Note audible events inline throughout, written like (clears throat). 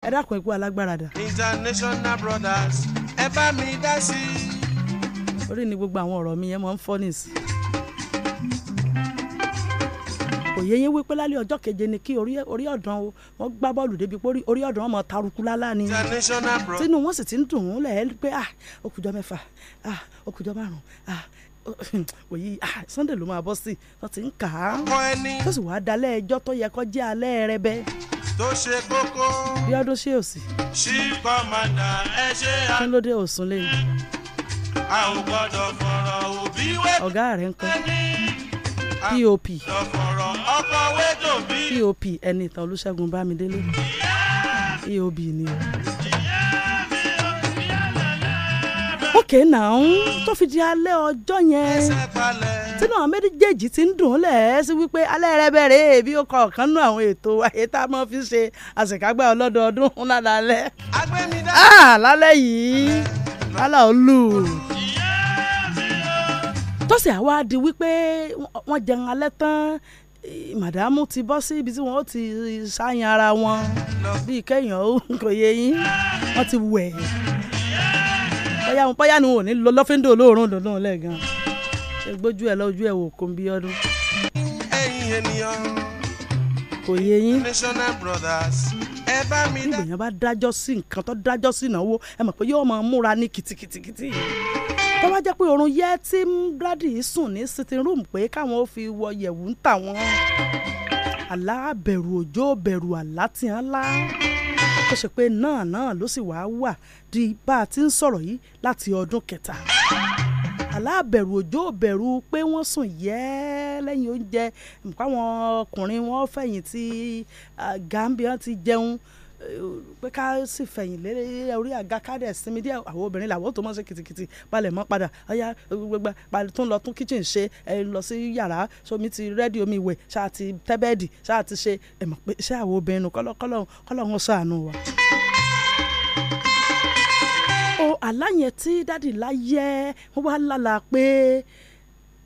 ẹ dákun ẹ kú alágbára dà. international brothers ẹ bá mi dá sí i. orí ni gbogbo àwọn ọ̀rọ̀ mi yẹn máa ń fọ́ nìsí. òye yẹn wípé lálẹ́ ọjọ́ keje ni kí orí ọ̀dàn o wọ́n gbá bọ́ọ̀lù débi pé orí ọ̀dàn wọn taruku lálá ni. tínú wọn sì ti ń dùn ún lẹ̀ pé ah okùjọ mẹ́fà ah okùjọ márùn-ún ah (laughs) òyì ah, Sunday ló máa bọ́ sí i wọ́n ti ń kà á. tó sì wàá dalẹ́ ẹjọ́ tó yẹ kó jẹ́ alẹ́ rẹ bẹ́ẹ̀ tó ṣe kókó. bí ọdún ṣé ò sí. ṣí kọ́mọ̀dà ẹ ṣe à. kí ló dé òsùn lẹ́yìn. a ò gbọ́dọ̀ fọ̀rọ̀ òbí wé. ọ̀gá rẹ̀ ń kọ́ pop pop ẹni ìtàn olúṣẹ́gun bámidélé eob ni o. okay now tó fi di alẹ́ ọjọ́ yẹn tínú àwọn méjèèjì ti ń dùn lẹ̀ sí wípé alẹ́ rẹ bẹ̀rẹ̀ bí ó kọ ọ̀kan nú àwọn ètò àyè tá a máa fi ṣe àṣekágbá ọlọ́dọọdún lálẹ́ ah, lálẹ́ yìí lálẹ́ olú tó àwa di wípé wọ́n jẹun alẹ́ tán màdàmú ti bọ́ sí ibi tí wọ́n ti ṣáyan ara wọn bíi kẹ́yìn ó kò yẹ yín wọ́n ti wẹ̀ bóyá wọn bóyá ni wọn ò ní lọ lọ́fíńdò olóòórùn dùndùn lẹ́ẹ̀gan gbójú ẹ̀ lọ́jú ẹ̀ wò kó ń bí ọdún. ẹ̀yin ènìyàn kò yé yín nígbà yẹn bá dájọ́ sí nǹkan tó dájọ́ sí ìnáwó ẹ mọ̀ pé yóò máa múra ní kìtìkìtìkìtì tó bá jẹ́ pé oorun yẹ tí brady sùn ní sitting room pé káwọn ó fi wọ yẹ̀wù ń tà wọ́n aláàbẹ̀rù òjò bẹ̀rù àlá tó ṣe pé náà náà ló sì wáá wà di bá a ti ń sọ̀rọ̀ yìí láti ọdún kẹta aláàbẹ̀rù òjò bẹ̀rù pé wọ́n sùn yẹ́ lẹ́yìn oúnjẹ nǹkan àwọn ọkùnrin wọn fẹ̀yìntì Gambian ti jẹun pé ká sì fẹ̀yìn lé orí àga ká dẹ̀ sinmi díẹ̀ àwọn obìnrin làwọn tó mọ̀ ṣe kìtìkìtì balẹ̀ mọ́ padà ọ̀yá gbogbo tún lọ tún kitchen ṣe ẹ lọ sí yàrá somi ti rẹ́dí omi ìwẹ̀ ṣáà ti tẹ́bẹ́ẹ̀dì ṣáà ti ṣe ẹ mọ̀ pé ṣé àwọn obìnrin kọ́lọ́ọ̀hún ṣàánú wa. o àlàyé tí dádì láyé wọn wá lálà pé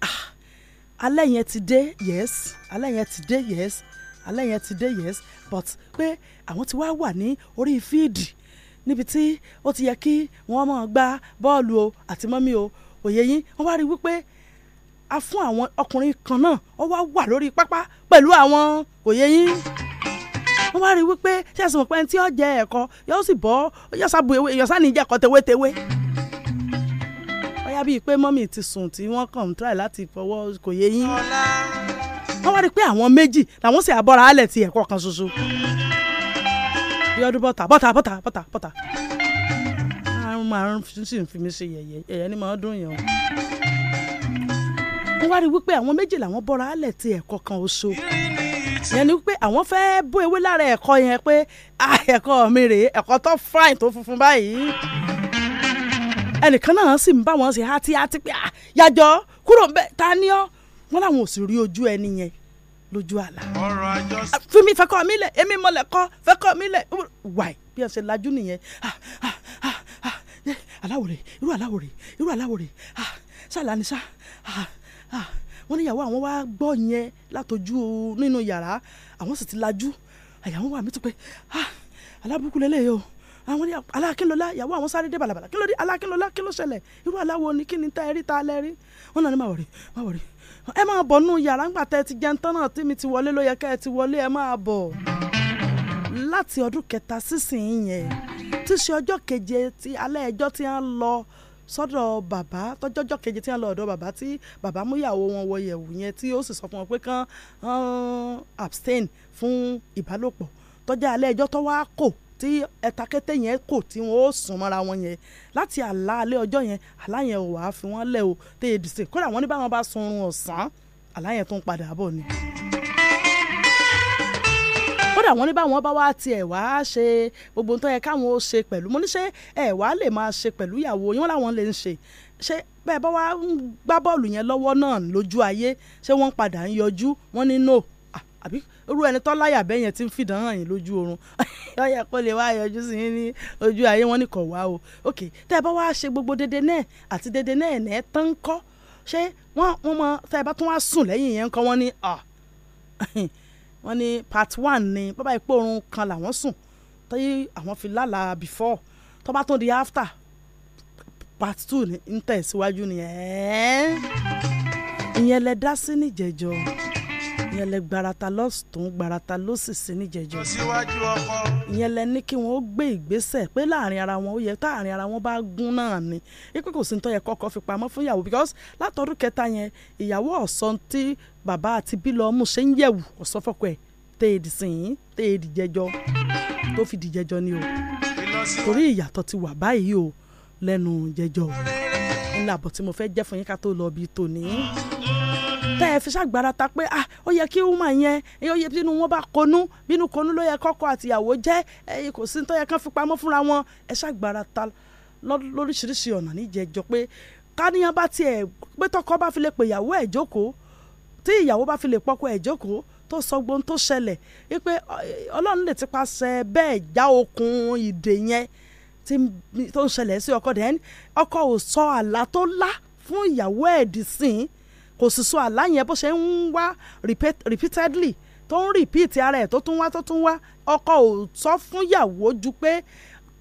ah, alẹ́ ti dé yes alẹ́ yẹn ti dé yes alẹ́ yẹn ti dé yes but pé. Pe àwọn ti wá wà ní orí fíìdì níbi tí ó ti yẹ kí wọ́n máa gba bọ́ọ̀lù o àti mọ́mí o òye yín wọ́n wá rí wípé a fún àwọn ọkùnrin kan náà ó wá wà lórí pápá pẹ̀lú àwọn òye yín wọ́n wá rí wípé ṣé ẹ̀sìn pẹ́ tí ó jẹ ẹ̀kọ́ yóò sì bọ́ yóò sábù ewé yóò sáà ní ìjẹ́kọ̀ tewétewé ọ̀yá bíi pé mọ́mì ti sùn tí wọ́n kàn ń try láti fọwọ́ kò yé yín wọ́n wá rí pé àwọn méjì làwọn sì àbọ̀ra alẹ̀ ti ẹ̀kọ́ kan ṣoṣo bí ọdún bọ́ta bọ́ta bọ́ta bọ́ta bọ́ta ah, àrùn márùn sì ń fi mi ṣe yẹ̀yẹ́ yẹ̀yẹ́ ni màá dùn yẹn o. wọ́n wá rí wípé àwọn méjì làwọn bọ́ra alẹ̀ ti ẹ̀kọ́ kan oṣù yẹn ni wípé àwọn fẹ́ bó ewé lára ẹ̀kọ́ yẹn pé ah, ẹ̀kọ́ mi rèé ẹ̀kọ́ tó fine tó funfun báyìí ẹnìkan náà sì ń bá wọn ṣe hátíhátí pé ah, yàjọ kúrò ń bẹ ta ni ọ wọn làwọn ò sì rí ojú ẹni yẹn lójú àlá. ọ̀rọ̀ àjọ. fimi fẹkọ mi lẹ èmi mọlẹ kọ fẹkọ mi lẹ wáì bí ẹ ṣe lajú nìyẹn ah, ah, ah, aláwòrè irú aláwòrè irú aláwòrè sálà ni sá wọn níyàwó àwọn wá gbọ́ yẹn látojú nínú yàrá àwọn sì ti lajú àyàwó wà mí tó pé alábùkù lélẹ́yìí o àwọn ní alákínlọlá ìyàwó àwọn sáré dé balabala kí ló dé alákínlọlá kí ló ṣẹlẹ̀ irú aláwo ni kí ni tá ẹ rí tá a lẹ rí wọn náà ní má wọrí má wọrí ẹ máa bọ̀ nù yàrá ńgbà tẹ́ ti jẹun tán náà tí mi ti wọlé ló yẹ ká ẹ ti wọlé ẹ máa bọ̀ láti ọdún kẹta sísìn yẹn tí ṣe ọjọ́ keje ti alẹ́ ẹjọ́ tí wọ́n lọ sọ́dọ̀ bàbá tọ́jọ́jọ́ keje tí wọ́n lọ ọ̀dọ̀ bàbá tí bàbá múyàwó wọn wọ yẹ̀wù yẹn tí ó sì sọ fún wọn pé kán um, abstain fún ìbálòpọ̀ tọ́jà alẹ́ ẹjọ́ tó wá kò tí ẹ̀ta kété yẹn kò tí wọ́n ó sùn mọ́ra wọn yẹn láti àlá alẹ́ ọjọ́ yẹn àlá yẹn ò wá fi wọ́n lẹ̀ o tẹ́yẹ e dìse kódà wọ́n ní báwọn bá sun oorun ọ̀sán àlá yẹn tó ń padà bọ̀ ni kódà wọn ní báwọn bá wá tiẹ̀ wá ṣe gbogbo nǹkan yẹ káwọn ó ṣe pẹ̀lú mo ní ṣe ẹ̀ lè máa ṣe pẹ̀lú ìyàwó yín láwọn lè ń ṣe ṣé bẹ́ẹ̀ bá wá gbá bọ́ọ̀lù yẹn lọ́wọ́ náà lójú ayé ṣé wọ́n padà ń yọjú wọ́n ní no àbí irú ẹni tó láyà bẹ́ẹ̀ yẹn ti ń fìdán hàn yín lójú oorun ọyẹ (laughs) kó lè wá yọjú sí yín ní ojú ayé wọn nìkan wá o ok tẹ́ ẹ bá wá ṣe gbogbo dédé náà àti dédé náà ẹ̀ tán ń kọ́ ṣé wọ́n wọ́n mọ tẹ́ ẹ bá tún wá sùn lẹ́yìn yẹn ń kọ́ wọ́n ní ah. (laughs) wọ́n ní part one ni bàbá ìpò oorun kan làwọn sùn tọ́yí àwọn fi lálàá before tó bá tún di after part two ń tẹ̀síwájú ni ẹ̀ẹ́ ìyẹn lẹ dá sí níjẹ̀jọ́ ìyẹn lẹ gbarata lọ́sùn gbarata lọ́sìsì níjẹjọ ìyẹn lẹ ní kí wọn ó gbé ìgbésẹ̀ pé láàrin ara wọn ó yẹ táàrin ara wọn bá gún náà ni ipò kò sí ní tó yẹ kọ́kọ́ fi pamọ́ fún ìyàwó because látọdún kẹta yẹn ìyàwó ọ̀sán tí bàbá àti bílọ̀ ọmú ṣe ń yẹ̀wù ọ̀sán fọ́kọ ẹ̀ téèdì sìn téèdì jẹjọ tó fi di jẹjọ ni o torí ìyàtọ̀ ti wà báyìí o lẹ́nu jẹjọ ńlá àbọ̀ tí mo fẹ́ jẹ́ fún yín ká tó lọ bí tòní tẹ́ ẹ fi ṣàgbára ta pé ah ó yẹ kí wúmà yẹn ó yẹ bínú wọn bá konú bínú konú ló yẹ kọ́kọ́ àtìyàwó jẹ́ ẹ kò sí tó yẹ kán fi pamọ́ fúnra wọn ẹ ṣàgbára ta lóríṣiríṣi ọ̀nà níjẹjọ pé káníyàn bá tiẹ̀ pé tọkọ bá fi lè pè ìyàwó ẹ̀ jókòó tí ìyàwó bá fi lè pọkọ ẹ̀ jókòó tó sọ gbóhùn tó ṣẹlẹ̀ wípé ọlọ́run lè ti paṣẹ bẹ́ẹ̀ já okùn ìdè yẹn tó ń ṣẹlẹ̀ sí ọkọ dẹ́n ọkọ ò sọ àlá tó lá fún ìyàwó ẹ̀ dì sìn kò sì sọ àlá yẹn bó ṣe ń wá repeatedly tó ń repeat ara ẹ̀ tó tún wá tó tún wá ọkọ ò sọ fún yàwó ju pé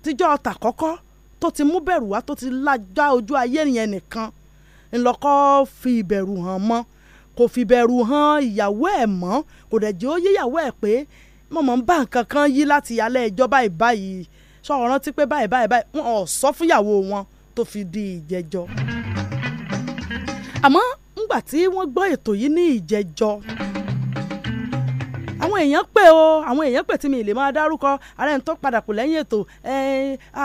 tíjọ́ ọ̀tà kọ́kọ́ tó ti mú bẹ̀rù wá tó ti lájá ojú ayé yẹn nìkan ńlọkọ fi ìbẹ̀rù hàn mọ́ kò fi ìbẹ̀rù hàn ìyàwó ẹ̀ mọ́ kò dẹ̀ jẹ́ ó yé ìyàwó ẹ̀ pé mọ̀mọ́ ń bá nǹkan kan yí láti alẹ́ ẹjọ́ báyìí báyìí sọ ọ̀ràn tí pé báyìí báyìí báyìí wọn ò sọ fún ìyàwó wọn tó fi di ìjẹjọ́ àmọ́ ńgbà tí wọ́n gbọ́ ètò yìí ní ìjẹjọ́ àwọn èèyàn pè o àwọn èèyàn pè tí mi lè máa dárúkọ ara ẹni tó padà kù lẹ́yìn ètò ẹ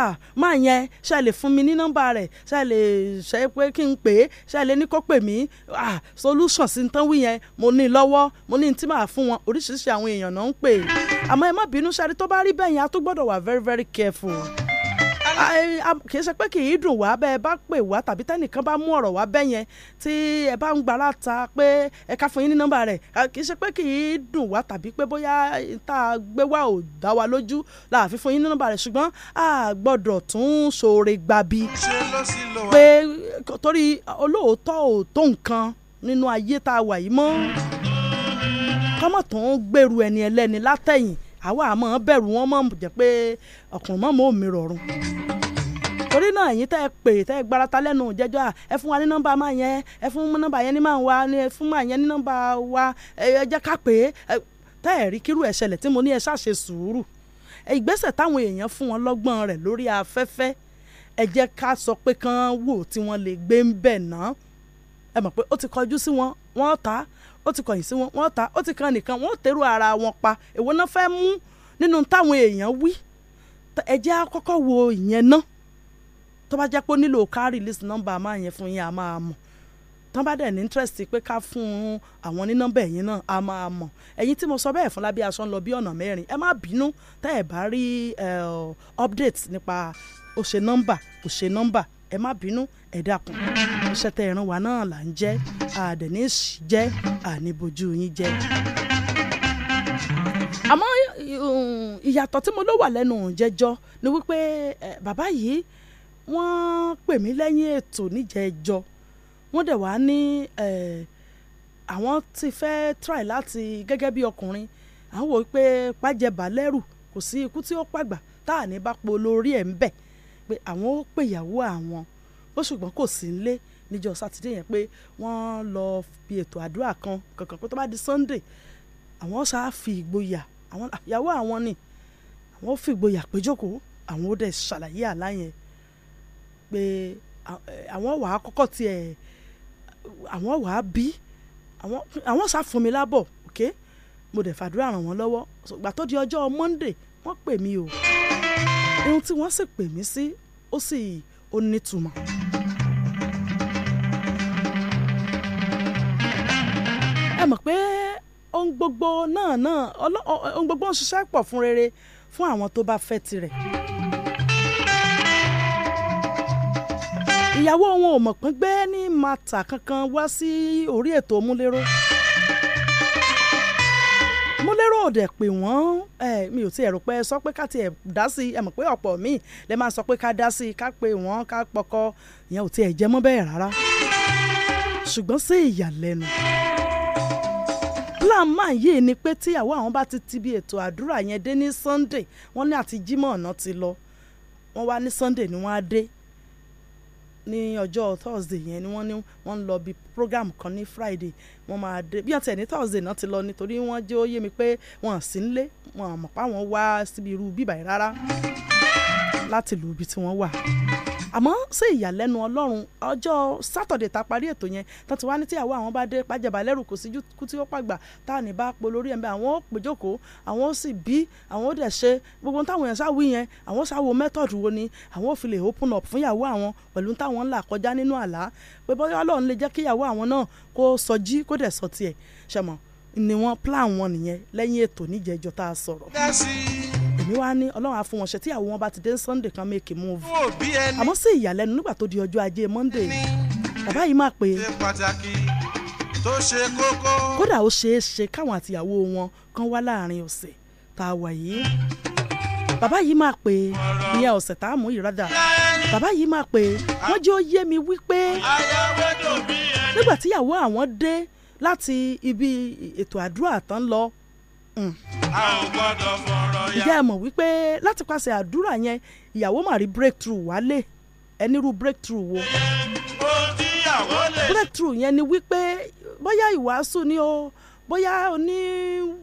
à máa yẹn ṣe lè fún mi ní nọ́mbà rẹ̀ ṣe lè ṣe pé kí n pè é ṣe lè ní kó pè mí à solution sí tán wí yẹn mo ní lọ́wọ́ mo ní tí màá fún wọn oríṣiríṣi àwọn èèyàn náà ń pè àmọ́ ẹ má bínú ṣe àrí tó bá rí bẹ́ẹ̀ yẹn a tó gbọ́dọ̀ wà very very careful. Ah, ah, eh, ah, kì í ṣe pé kì í dùn wá bẹ́ẹ̀ bá pè wá tàbí tẹ́nìkan bá mú ọ̀rọ̀ wá bẹ́ẹ̀ yẹn tí ẹ bá ń gbára ta pé ẹ ká fún yín ní nọ́mbà rẹ̀ kì í ṣe pé kì í dùn wá tàbí pé bóyá tá a gbé wá ò dá wa lójú láàfin fún yín ní nọ́mbà rẹ̀ ṣùgbọ́n a gbọ́dọ̀ tún ṣoore gbabi pé torí olóòótọ́ ò tó nǹkan nínú ayé tá a wà yìí mọ́ kọ́mọ̀ tó ń gbèrú ẹni ẹlẹ́ni látẹ̀yìn àwa àmọ́ bẹ̀rù wọn mọ̀ jẹ́ pé ọkùnrin mọ̀ mọ́ òmìnira ọ̀run torí náà ẹ̀yin tẹ́ ẹ pè tẹ́ ẹ gbarata lẹ́nu jẹ́jọ́ à ẹ fún wa ní nọ́mbà máa yẹn ẹ fún nọ́mbà yẹn ní máa wa ẹ fún máa yẹn ní nọ́mbà wa ẹ jẹ́ ká pè é tẹ́ ẹ rí kírú ẹ̀ṣẹ̀lẹ̀ tí mo ní ẹ ṣàṣe sùúrù ìgbésẹ̀ táwọn èèyàn fún wọn lọ́gbọ́n rẹ̀ lórí afẹ́fẹ́ ẹ jẹ́ ká sọ pé kán wò tí wọ́n lè gbé ń bẹ̀ náà ẹ mọ̀ pé ó ti kọjú sí wọn wọ́n ta ó ti kọ̀yìn sí wọn wọ́n ta ó ti kan nìkan wọ́n tẹ̀rù ara wọn pa èwo náà fẹ́ mú nínú táwọn èèyàn wí ẹ á kọ́kọ́ wo ìyẹn náà tó bá jẹ́ pé ó nílò ká release number máa yẹn fún yín a máa mọ̀ tán bá dẹ̀ ní interest pé ká fún àwọn ní nọ́mbà ẹ̀yìn náà a máa mọ̀ ẹ̀yin tí mo sọ bẹ́ẹ̀ fún lábí aṣọ ń lọ bí ọ̀nà mẹ́rin ẹ má bínú tẹ́ ẹ̀ bá rí update nípa ó nọ́mbà kò nọ́mbà ẹ má bínú ẹ dákun iṣẹ́ tẹ́ ẹran wa náà là ń jẹ́ àdẹ̀ní jẹ́ àníbojú yín jẹ́. àmọ́ um, ìyàtọ̀ tí mo ló wà lẹ́nu jẹjọ́ ni wípé bàbá yìí wọ́n pè mí lẹ́yìn ètò níjẹjọ́ wọ́n dẹ̀ wá ní àwọn ti fẹ́ try láti gẹ́gẹ́ bí ọkùnrin àwọn wò pé pàjẹbà lẹ́rù kò sí ikú tí ó pàgbà tá à ní bá polórí ẹ̀ ń bẹ̀ pé àwọn ó pèyàwó àwọn ó ṣùgbọ́n kò sí nílé níjọ́ sátidé yẹn pé wọ́n lọ fi ètò àdúrà kan kankan pé tó bá di sunday àwọn ṣáà fi ìgboyà àwọn ìyàwó àwọn ni àwọn fi ìgboyà péjọkò àwọn ó dẹ̀ ṣàlàyé àlá yẹn pé àwọn wàá kọ́kọ́ tiẹ̀ àwọn wàá bí àwọn ṣáà fún mi lábọ̀ ok mo dẹ̀ fàdúrà ràn wọ́n lọ́wọ́ ìgbà tó ọjọ́ monday wọ́n pè mí o ohun tí wọ́n sì pè mí sí ó sì ó mọ̀ pé ohun gbogbo náà náà ohun gbogbo ń ṣiṣẹ́ pọ̀ fún rere fún àwọn tó bá fẹ́ tirẹ̀. ìyàwó wọn ò mọ̀ pé gbé ní mata kankan wá sí orí ètò múlẹ́rọ́ múlẹ́rọ́ òdẹ pé wọ́n mi ò tiẹ̀ rò pé sọ pé ká tiẹ̀ dá sí ẹ mọ̀ pé ọ̀pọ̀ mi lè máa sọ pé ká dá sí ká pé wọ́n ká pọkọ ìyẹn ò tiẹ̀ jẹ́ mọ́ bẹ́ẹ̀ rárá ṣùgbọ́n sí ìyàlẹ́nu plan man yìí ni pé tíyàwó àwọn bá ti ti bi ètò àdúrà yẹn dé ní Sunday wọ́n ní àti Jímọ̀ ọ̀nà ti lọ wọ́n wá ní Sunday ni wọ́n á dé ní ọjọ́ Thursday yẹn ni wọ́n ní wọ́n ń lọ bí program kan ní Friday wọ́n máa dé bí ọ̀tẹ̀ ní Thursday náà ti lọ nítorí wọ́n jẹ́ ó yé mi pé wọ́n à sí nílé wọ́n àmọ̀ pa wọ́n wá síbi irú bíbáyìí rárá láti lù ú tí wọ́n wà àmọ́ sí ìyàlẹ́nu ọlọ́run ọjọ́ sátọ̀dẹ̀ tá a parí ètò yẹn tó ti wá ní tíyàwó àwọn bá dé pàjẹ́bà lẹ́rù kò síjú kú tí ó pàgbà tá a ní bá po lórí ẹ̀ ń bẹ́ àwọn ó péjòkó àwọn ó sì bí àwọn ó dẹ̀ ṣe gbogbo táwọn yẹn sáwí yẹn àwọn sáwo method wo ni àwọn ó fi lè open up fún ìyàwó àwọn pẹ̀lú táwọn ń là kọjá nínú àlá pé bọ́lá ọlọ́run lè jẹ́ kí ìyàwó àwọn náà kó sọjí kó dẹ̀ sọ tiẹ̀ ṣẹ̀mọ̀ ni wọ́n plan wọn nìyẹn lẹ́yìn ètò níjẹ́jọ́ èmi wá ní ọlọ́run á fún wọn ṣe tí àwọn wọn bá ti dé sunday kan make a move àmọ́ sí ìyàlẹ́nu nígbà tó di ọjọ́ ajé monday bàbá yìí máa pè é kódà ó ṣeé ṣe káwọn àtìyàwó wọn kan wá láàrin ọ̀sẹ̀ tá a wà yìí bàbá yìí máa pè é ìyẹn ọ̀sẹ̀ tá a mú ìrádà bàbá yìí máa pè é wọ́n jẹ́ ó yé mi wípé nígbà tíyàwó àwọn dé láti ibi ètò àdúrà tán lọ ìyá mm. ẹ mọ̀ wípé láti pàṣẹ àdúrà yẹn ìyàwó mà rí breakthrough wálé ẹnirú breakthrough wo breakthrough yẹn ni wípé bóyá ìwàásù ni o bóyá oní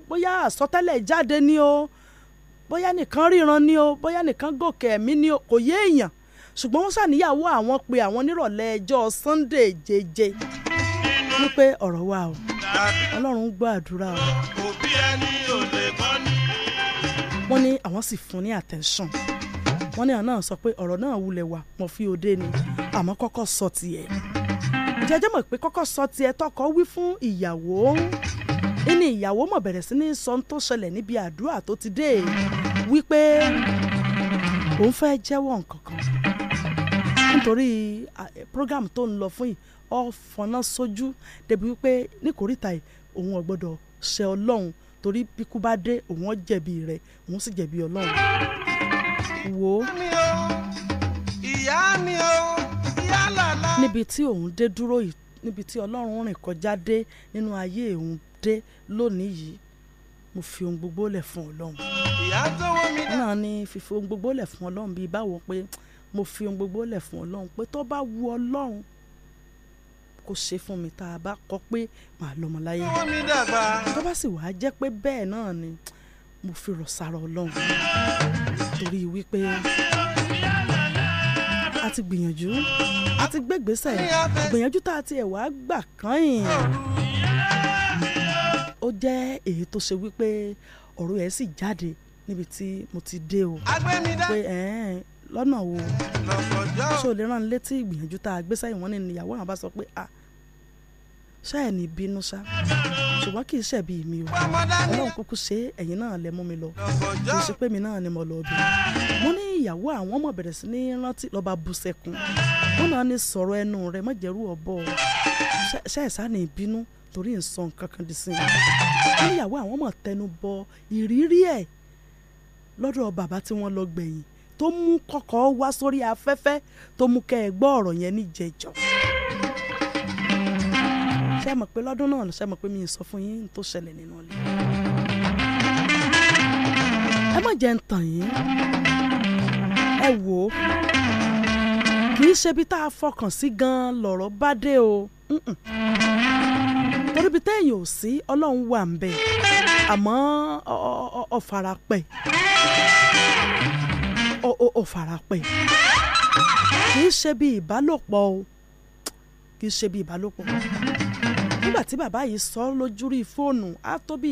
bóyá àsọtẹ́lẹ̀ jáde ni o bóyá nìkan ríran ni o bóyá nìkan gòkè ẹ̀mí ni o kò yé èèyàn ṣùgbọ́n wọ́n ṣàníyàwó àwọn pé àwọn nírọ̀lẹ́ ẹjọ́ Sunday jẹ́jẹ́ wípé ọ̀rọ̀ wa o ọlọ́run gbọ́ àdúrà o wọ́n ní àwọn sì fún ní attention wọ́n ní àwọn náà sọ pé ọ̀rọ̀ náà wulẹ̀ wà wọ́n fi òde ni àmọ́ kọ́kọ́ sọ tiẹ̀ jẹjẹ mọ̀ pé kọ́kọ́ sọ tiẹ̀ tọkọ wí fún ìyàwó ní ìyàwó mọ̀ bẹ̀rẹ̀ sí ní sọ tó ṣẹlẹ̀ níbi àdúrà tó ti dé wípé òun fẹ́ jẹ́wọ́ nǹkan kan nítorí program tó ń lọ fún yìí ọ fọnà sójú débi wípé níkòríta yìí òun ò gbọ́dọ̀ ṣe ọlọ́run torí bíkú bá dé òun ó jẹ̀bi rẹ̀ òun sì jẹ̀bi ọlọ́run. wo níbi tí òun dé dúró yìí níbi tí ọlọ́run rìn kọjá dé nínú ayé òun dé lónìí yìí mo fi ohun gbogbo lẹ̀ fún ọlọ́run. náà ni fífi ohun gbogbo lẹ̀ fún ọlọ́run bíi báwo pé mo fi ohun gbogbo lẹ̀ fún ọlọ́run pé tó bá wu ọlọ́run kó ṣe fún mi tá a bá kọ pé màá lọ́mọ láyé tó bá sì wàá jẹ́ pé bẹ́ẹ̀ náà ni mo fi rọ̀ sára ọlọ́run torí wípé a ti gbìyànjú a ti gbégbèsè gbìyànjú tá a ti ẹ̀ wàá gbà kán yìí ó jẹ́ èyí tó ṣe wípé ọ̀rọ̀ ẹ̀ sì jáde níbi tí mo ti dé o pé lọ́nà wo ṣé o lè rán létí ìgbìyànjú tá a gbé sẹ́yìn wọ́n ní ìyàwó àwọn bá sọ pé à ah, ṣáà ní bínú ṣá ṣùgbọ́n kì í ṣẹ̀bi mi o ọlọ́run kúkú ṣe ẹ̀yìn náà lẹ mú mi lọ kì í ṣe pé mi náà ni mo lọ bí mo ní ìyàwó àwọn ọmọ bẹ̀rẹ̀ sí ní rántí lọ́ba bú sẹ́kún wọn náà ní sọ̀rọ̀ ẹnu rẹ mọ̀jẹ̀rú ọ̀bọ ṣáà ṣáà ní bínú torí nsọ̀n kankan di sin ní ìyàwó àwọn ọmọ tẹnu bọ ìrírí ẹ̀ lọ́dọ̀ bàbá tí wọ́n lọ gbẹ̀yìn tó mú kọ́kọ́ wá sórí afẹ́fẹ́ tó mú kẹ́ ẹ gbọ́ ọ̀rọ̀ yẹn ní ṣé ẹ mọ̀ pé lọ́dún náà ṣé ẹ mọ̀ pé mi ì sọ fún yín tó ṣẹlẹ̀ nínú ilé. ẹ má jẹ́ ń tàn yín ẹ wò ó kì í ṣebi tá a fọkàn sí gan lọ̀rọ̀ bá dé o torí bí téèyàn ò sí ọlọ́run wà ń bẹ̀ àmọ́ ọ̀farapẹ̀ ó farapẹ́ kì í ṣe bí ìbálòpọ̀ o kì í ṣe bí ìbálòpọ̀ nígbà tí bàbá yìí sọ lójú rí fóònù á tó bí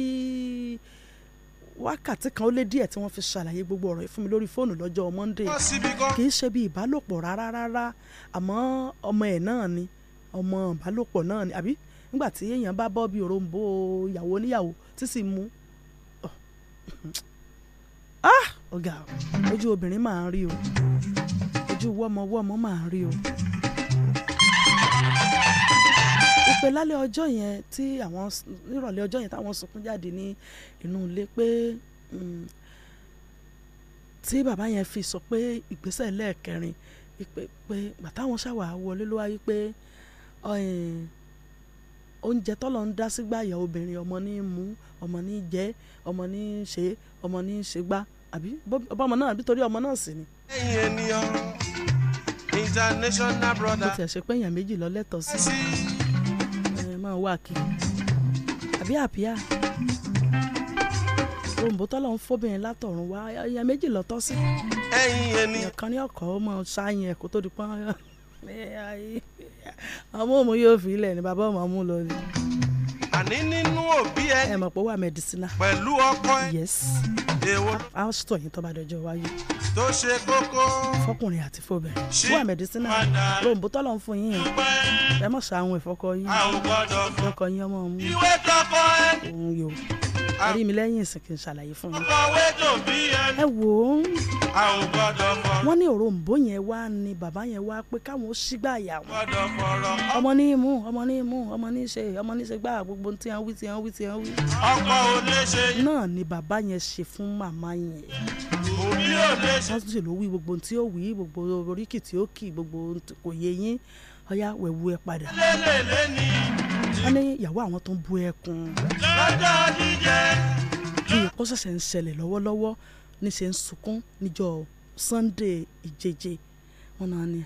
wákàtí kan ó lé díẹ̀ tí wọ́n fi ṣàlàyé gbogbo ọ̀rọ̀ yìí fún mi lórí fóònù lọ́jọ́ Monday kì í ṣe bí ìbálòpọ̀ rárá rárá àmọ́ ọmọ ẹ̀ náà ni ọmọ ìbálòpọ̀ náà ni àbí nígbà tí èèyàn bá bọ́ bí òrombó ìyàwó oníyàwó tí sì mú Ah! ọ̀gá ojú obìnrin máa ń rí o ojú wọ́mọwọ́mọ máa ń rí o. ìpè lálẹ́ ọjọ́ yẹn tí àwọn nírọ̀lẹ́ ọjọ́ yẹn táwọn sunkún jáde ní inú ilé pé mm, tí bàbá yẹn fi sọ pé ìgbésẹ̀ lẹ́ẹ̀kẹrin pé bàtà wọn ṣàwà wọlé ló wáyé pé ọ̀hìn oúnjẹ tọ́lọ̀ ń dá sígbàyà obìnrin ọmọ ní í mú ọmọ ní í jẹ ọmọ ní í ṣe ọmọ ní í ṣe gbá àbí bọ́mọ náà àbí torí ọmọ náà sì ni. ẹ̀yin ènìyàn international brother. bó tiẹ̀ ṣe pé èèyàn méjì lọ lẹ́tọ̀ọ́ sí ẹ máa wá kí àbí àpíà òǹbó tọ́lọ̀ ń fóbìnrin látọ̀run wá èèyàn méjì lọ tọ́ sí. ẹ̀yin ènìyàn kan ní ọkọ̀ ọmọ ṣáàyàn ẹ̀kọ́ tó di pọ́n. (laughs) ọmọ yóò fi ilẹ̀ ni bàbá ọmọ mú lọ ni. àní nínú òbí ẹ. ẹ mọ̀ pé ó wà mẹ́dísínà. pẹ̀lú ọkọ ẹ. yes. èwo. a ó sọ yín tó bá dọjọ́ wáyé. tó ṣe kókó. fọkùnrin àti fóbìnrin. ó wà mẹ́dísínà. lóńbó tọ́lọ̀ ń fún yín yẹn. ẹ mọ̀ ṣàwọn ìfọkọ yín. àwọn gbọ́dọ̀ fún. ọkọ yín ọmọ òun. ìwé tọkọ ẹ. òun yóò. Ah. rí mi lẹ́yìn ìsìn kí n ṣàlàyé fún yín. ẹ wò ó wọ́n ní òrombó yẹn wá ni bàbá yẹn wá pé káwọn ó ṣígbà yà wọ́n. ọmọ ní imú ọmọ ní imú ọmọ ní ṣe ọmọ ní ṣe gbà gbogbo tí wọ́n wí tí wọ́n wí tí wọ́n wí. ọkọ ò lè ṣe. náà ni bàbá yẹn ṣe fún màmá yẹn. òbí ò lè ṣe. wọ́n sì ló wí gbogbo tí ó wí gbogbo oríkì tí ó kì gbogbo kò yé yín ọ̀yá wẹ̀wù ẹ padà. lélẹ̀ lẹ́ni wọ́n ní ìyàwó àwọn tó ń bu ẹkùn. lọ́jọ́ jíjẹ. bí ìkó ń ṣẹlẹ̀ lọ́wọ́lọ́wọ́ níṣẹ́ ń sunkún níjọ́ Sunday ìjeje wọ́n náà ní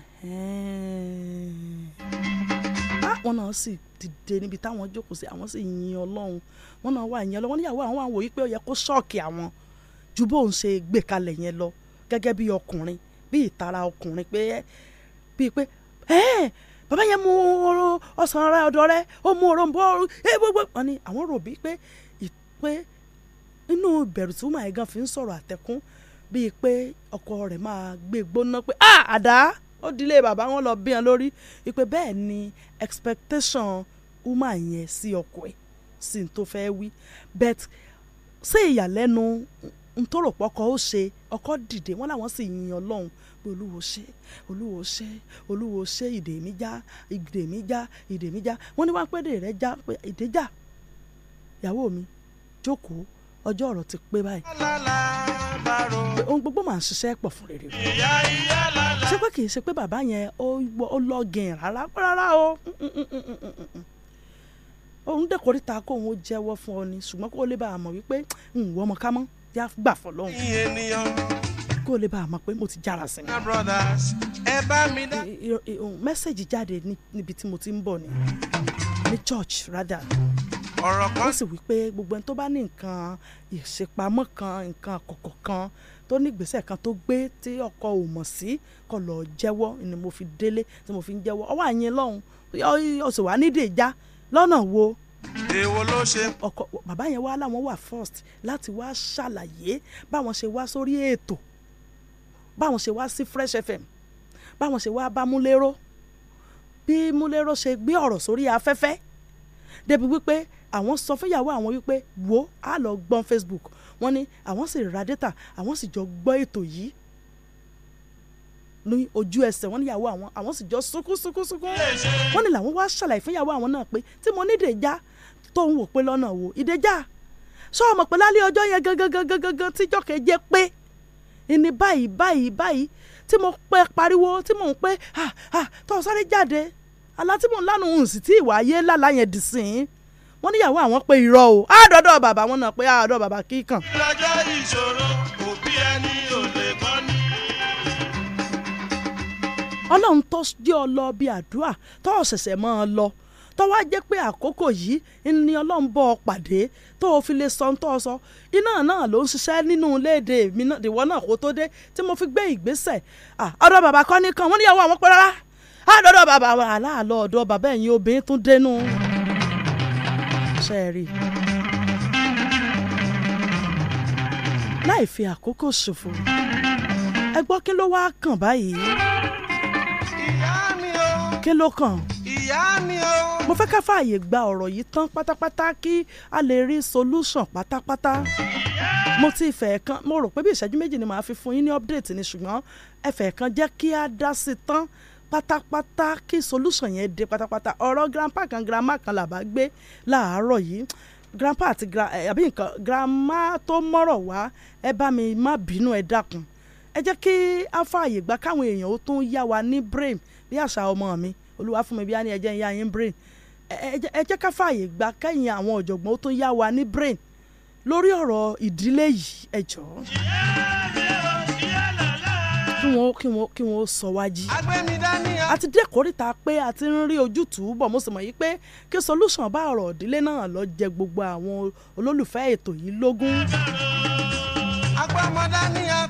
wọ́n náà sì dìde níbi táwọn jókòó sí àwọn sì yin Ọlọ́run wọ́n náà wà yẹn lọ wọ́n níyàwó àwọn àwòyí pé ó yẹ kó ṣọ́ọ̀kì àwọn ju bóun ṣe gbé kalẹ̀ yẹn lọ gẹ́gẹ́ bí ọkùnrin bí ìtara ọkùnrin pé bíi pé ẹ́ẹ̀ bàbá yẹn mú ọsàn ara ọ̀dọ̀ rẹ̀ ó mú òrombó ẹ gbogbo wọn ni àwọn rò bí pé ìpè inú ìbẹ̀rù tí wọ́n gan fi ń sọ̀rọ̀ àtẹ̀kùn bíi pé ọkọ rẹ̀ máa gbé gbóná pé ah àdá ó dilé bàbá wọn lọ bíyan lórí ìpè bẹ́ẹ̀ ni expectation woman yẹn sí ọkọ ẹ̀ sí n tó fẹ́ wí but ṣé ìyàlẹ́nu n tó rò pọ́kọ ó ṣe ọkọ dìde wọn làwọn sì yin Ọlọ́run pé olúwo ṣe olúwo ṣe olúwo ṣe ìdè mi já ìdè mi já ìdè mi já wọ́n ní wá pé ìdè rẹ já pé ìdè já ìyàwó mi jókòó ọjọ́ ọ̀rọ̀ ti pé báyìí ohun gbogbo máa ń ṣiṣẹ́ pọ̀ fún rere ṣé pé kìí ṣe pé bàbá yẹn ó lọ gẹ̀ẹ́ rárá rárá o òun dẹ́kọ̀ríta kó òun ó jẹ́wọ́ fún ọ ni ṣùgbọ́n kó lè bá mọ̀ wípé ń wọ́n ọmọ ká mọ́ yá gbà fọ́ lọ́hùn kó lè bá a mọ̀ pé mo ti jára sí mi. mẹ́sẹ̀gì um, jáde níbi tí mo ti ń bọ̀ ni ní church rather ọ̀rọ̀ kan. ó sì wí pé gbogbo ẹni tó bá ní nǹkan ìṣèpamọ́ kan nǹkan àkọ́kọ́ kan tó ní ìgbésẹ̀ kan tó gbé tí ọkọ ò mọ̀ sí kó lọ jẹ́wọ́ ni mo fi délé tí mo fi ń jẹ́wọ́ ọwọ́ àyìn lọ́hùn ó sì wá nídìí ìjà lọ́nà wo. èèwọ̀ ló ṣe. ọkọ bàbá yẹn wá láwọn wà first láti wá ṣàlàyé báwọn ṣe wá sórí ètò báwọn ṣe wá sí Fresh FM báwọn ṣe wá bá múlẹ́rọ́ bí múlẹ́rọ́ ṣe gbé ọ̀rọ̀ sórí afẹ́fẹ́ débi wípé àwọn sọ fúnyàwó àwọn wípé wo á lọ gbọ́n Facebook wọ́n ní àwọn sì ra data àwọn sì jọ gbọ́ ètò yìí ní ojú ẹsẹ̀ wọ́n níyàwó àwọn àwọn sì jọ sunkún sunkún sunkún wọ́n ní làwọn wá ṣàlàyé fúnyàwó àwọn náà pé tí mo ní ìdèjà tó ń wò pé lọ́nà wo ìdèjà sọ ọmọ pé lálẹ́ ọjọ́ yẹn gangan gangan gangan tíjọ́ keje pé ẹni báyìí báyìí báyìí tí mo pẹ́ pariwo tí mò ń pẹ́ ah ah tó o sáré jáde àlá tí mò ń lánàá òun sì tí ìwà ayé lálá yẹn dì sí i wọ́n níyàwó àwọn pé irọ́ o àádọ́dọ́ bàbá wọn náà pé àádọ́ bàbá kíkan. ìlàjọ ìṣòro òbí ẹni ò lè kọ́ ni. ọlọ́run tó dé ọ lọ bí àdúrà tó ọ̀sẹ̀sẹ̀ máa lọ tó wá jẹ́ pé àkókò yìí ni ọlọ́run bọ́ ọ pàdé tó o fi lè sọ tó o sọ iná náà ló ń ṣiṣẹ́ nínú léde mi náà ìwọ náà kó tó dé tí mo fi gbé ìgbésẹ̀ ọ̀dọ̀ bàbá kọ́ nìkan wọ́n níyàwó àwọn pẹ́ rárá àdọ́dọ̀ bàbá aláàlọ́ ọ̀dọ̀ bàbá ẹ̀yìn obìnrin tún dénú ṣe rí láì fi àkókò ṣòfò ẹ gbọ́ kí ló wá kàn báyìí kí ló kàn. ìyá ni o. mo fẹ́ ká fààyè gba ọ̀rọ̀ yìí tán pátápátá kí a lè rí solution pátápátá. mo ti fẹ́ kan mo rò pé bí ìṣẹ́jú méjì ni màá fi fún yín ní update ni ṣùgbọ́n ẹ fẹ́ kan jẹ́ kí a dá sí tán pátápátá kí solution yẹn dé pátápátá ọ̀rọ̀ grandpa kan grandma kan làbá gbé láàárọ̀ yìí grandpa àti àbí nǹkan grandma tó mọ́rọ̀ wá ẹ bá mi má bínú ẹ dákun ẹ jẹ́ kí a fààyè gba káwọn èèyàn ó tún yá wa ní brain bí àṣà ọmọ mi olúwa fún mi bí a ní ẹjẹ ń yá yín brain ẹ jẹ́ ká fààyè gba kẹ́yìn àwọn ọ̀jọ̀gbọ́n ó tún yá wa ní brain lórí ọ̀rọ̀ ìdílé yìí ẹ jọ. kí wọ́n kí wọ́n kí wọ́n sọ wá jí. a dé kórìíta pé a ti ń rí ojútùú bọ̀ mo sì mọ̀ yí pé kí solution bá ọ̀rọ̀ ìdílé náà lọ jẹ gbogbo àwọn olólùfẹ́ ètò yìí lógún.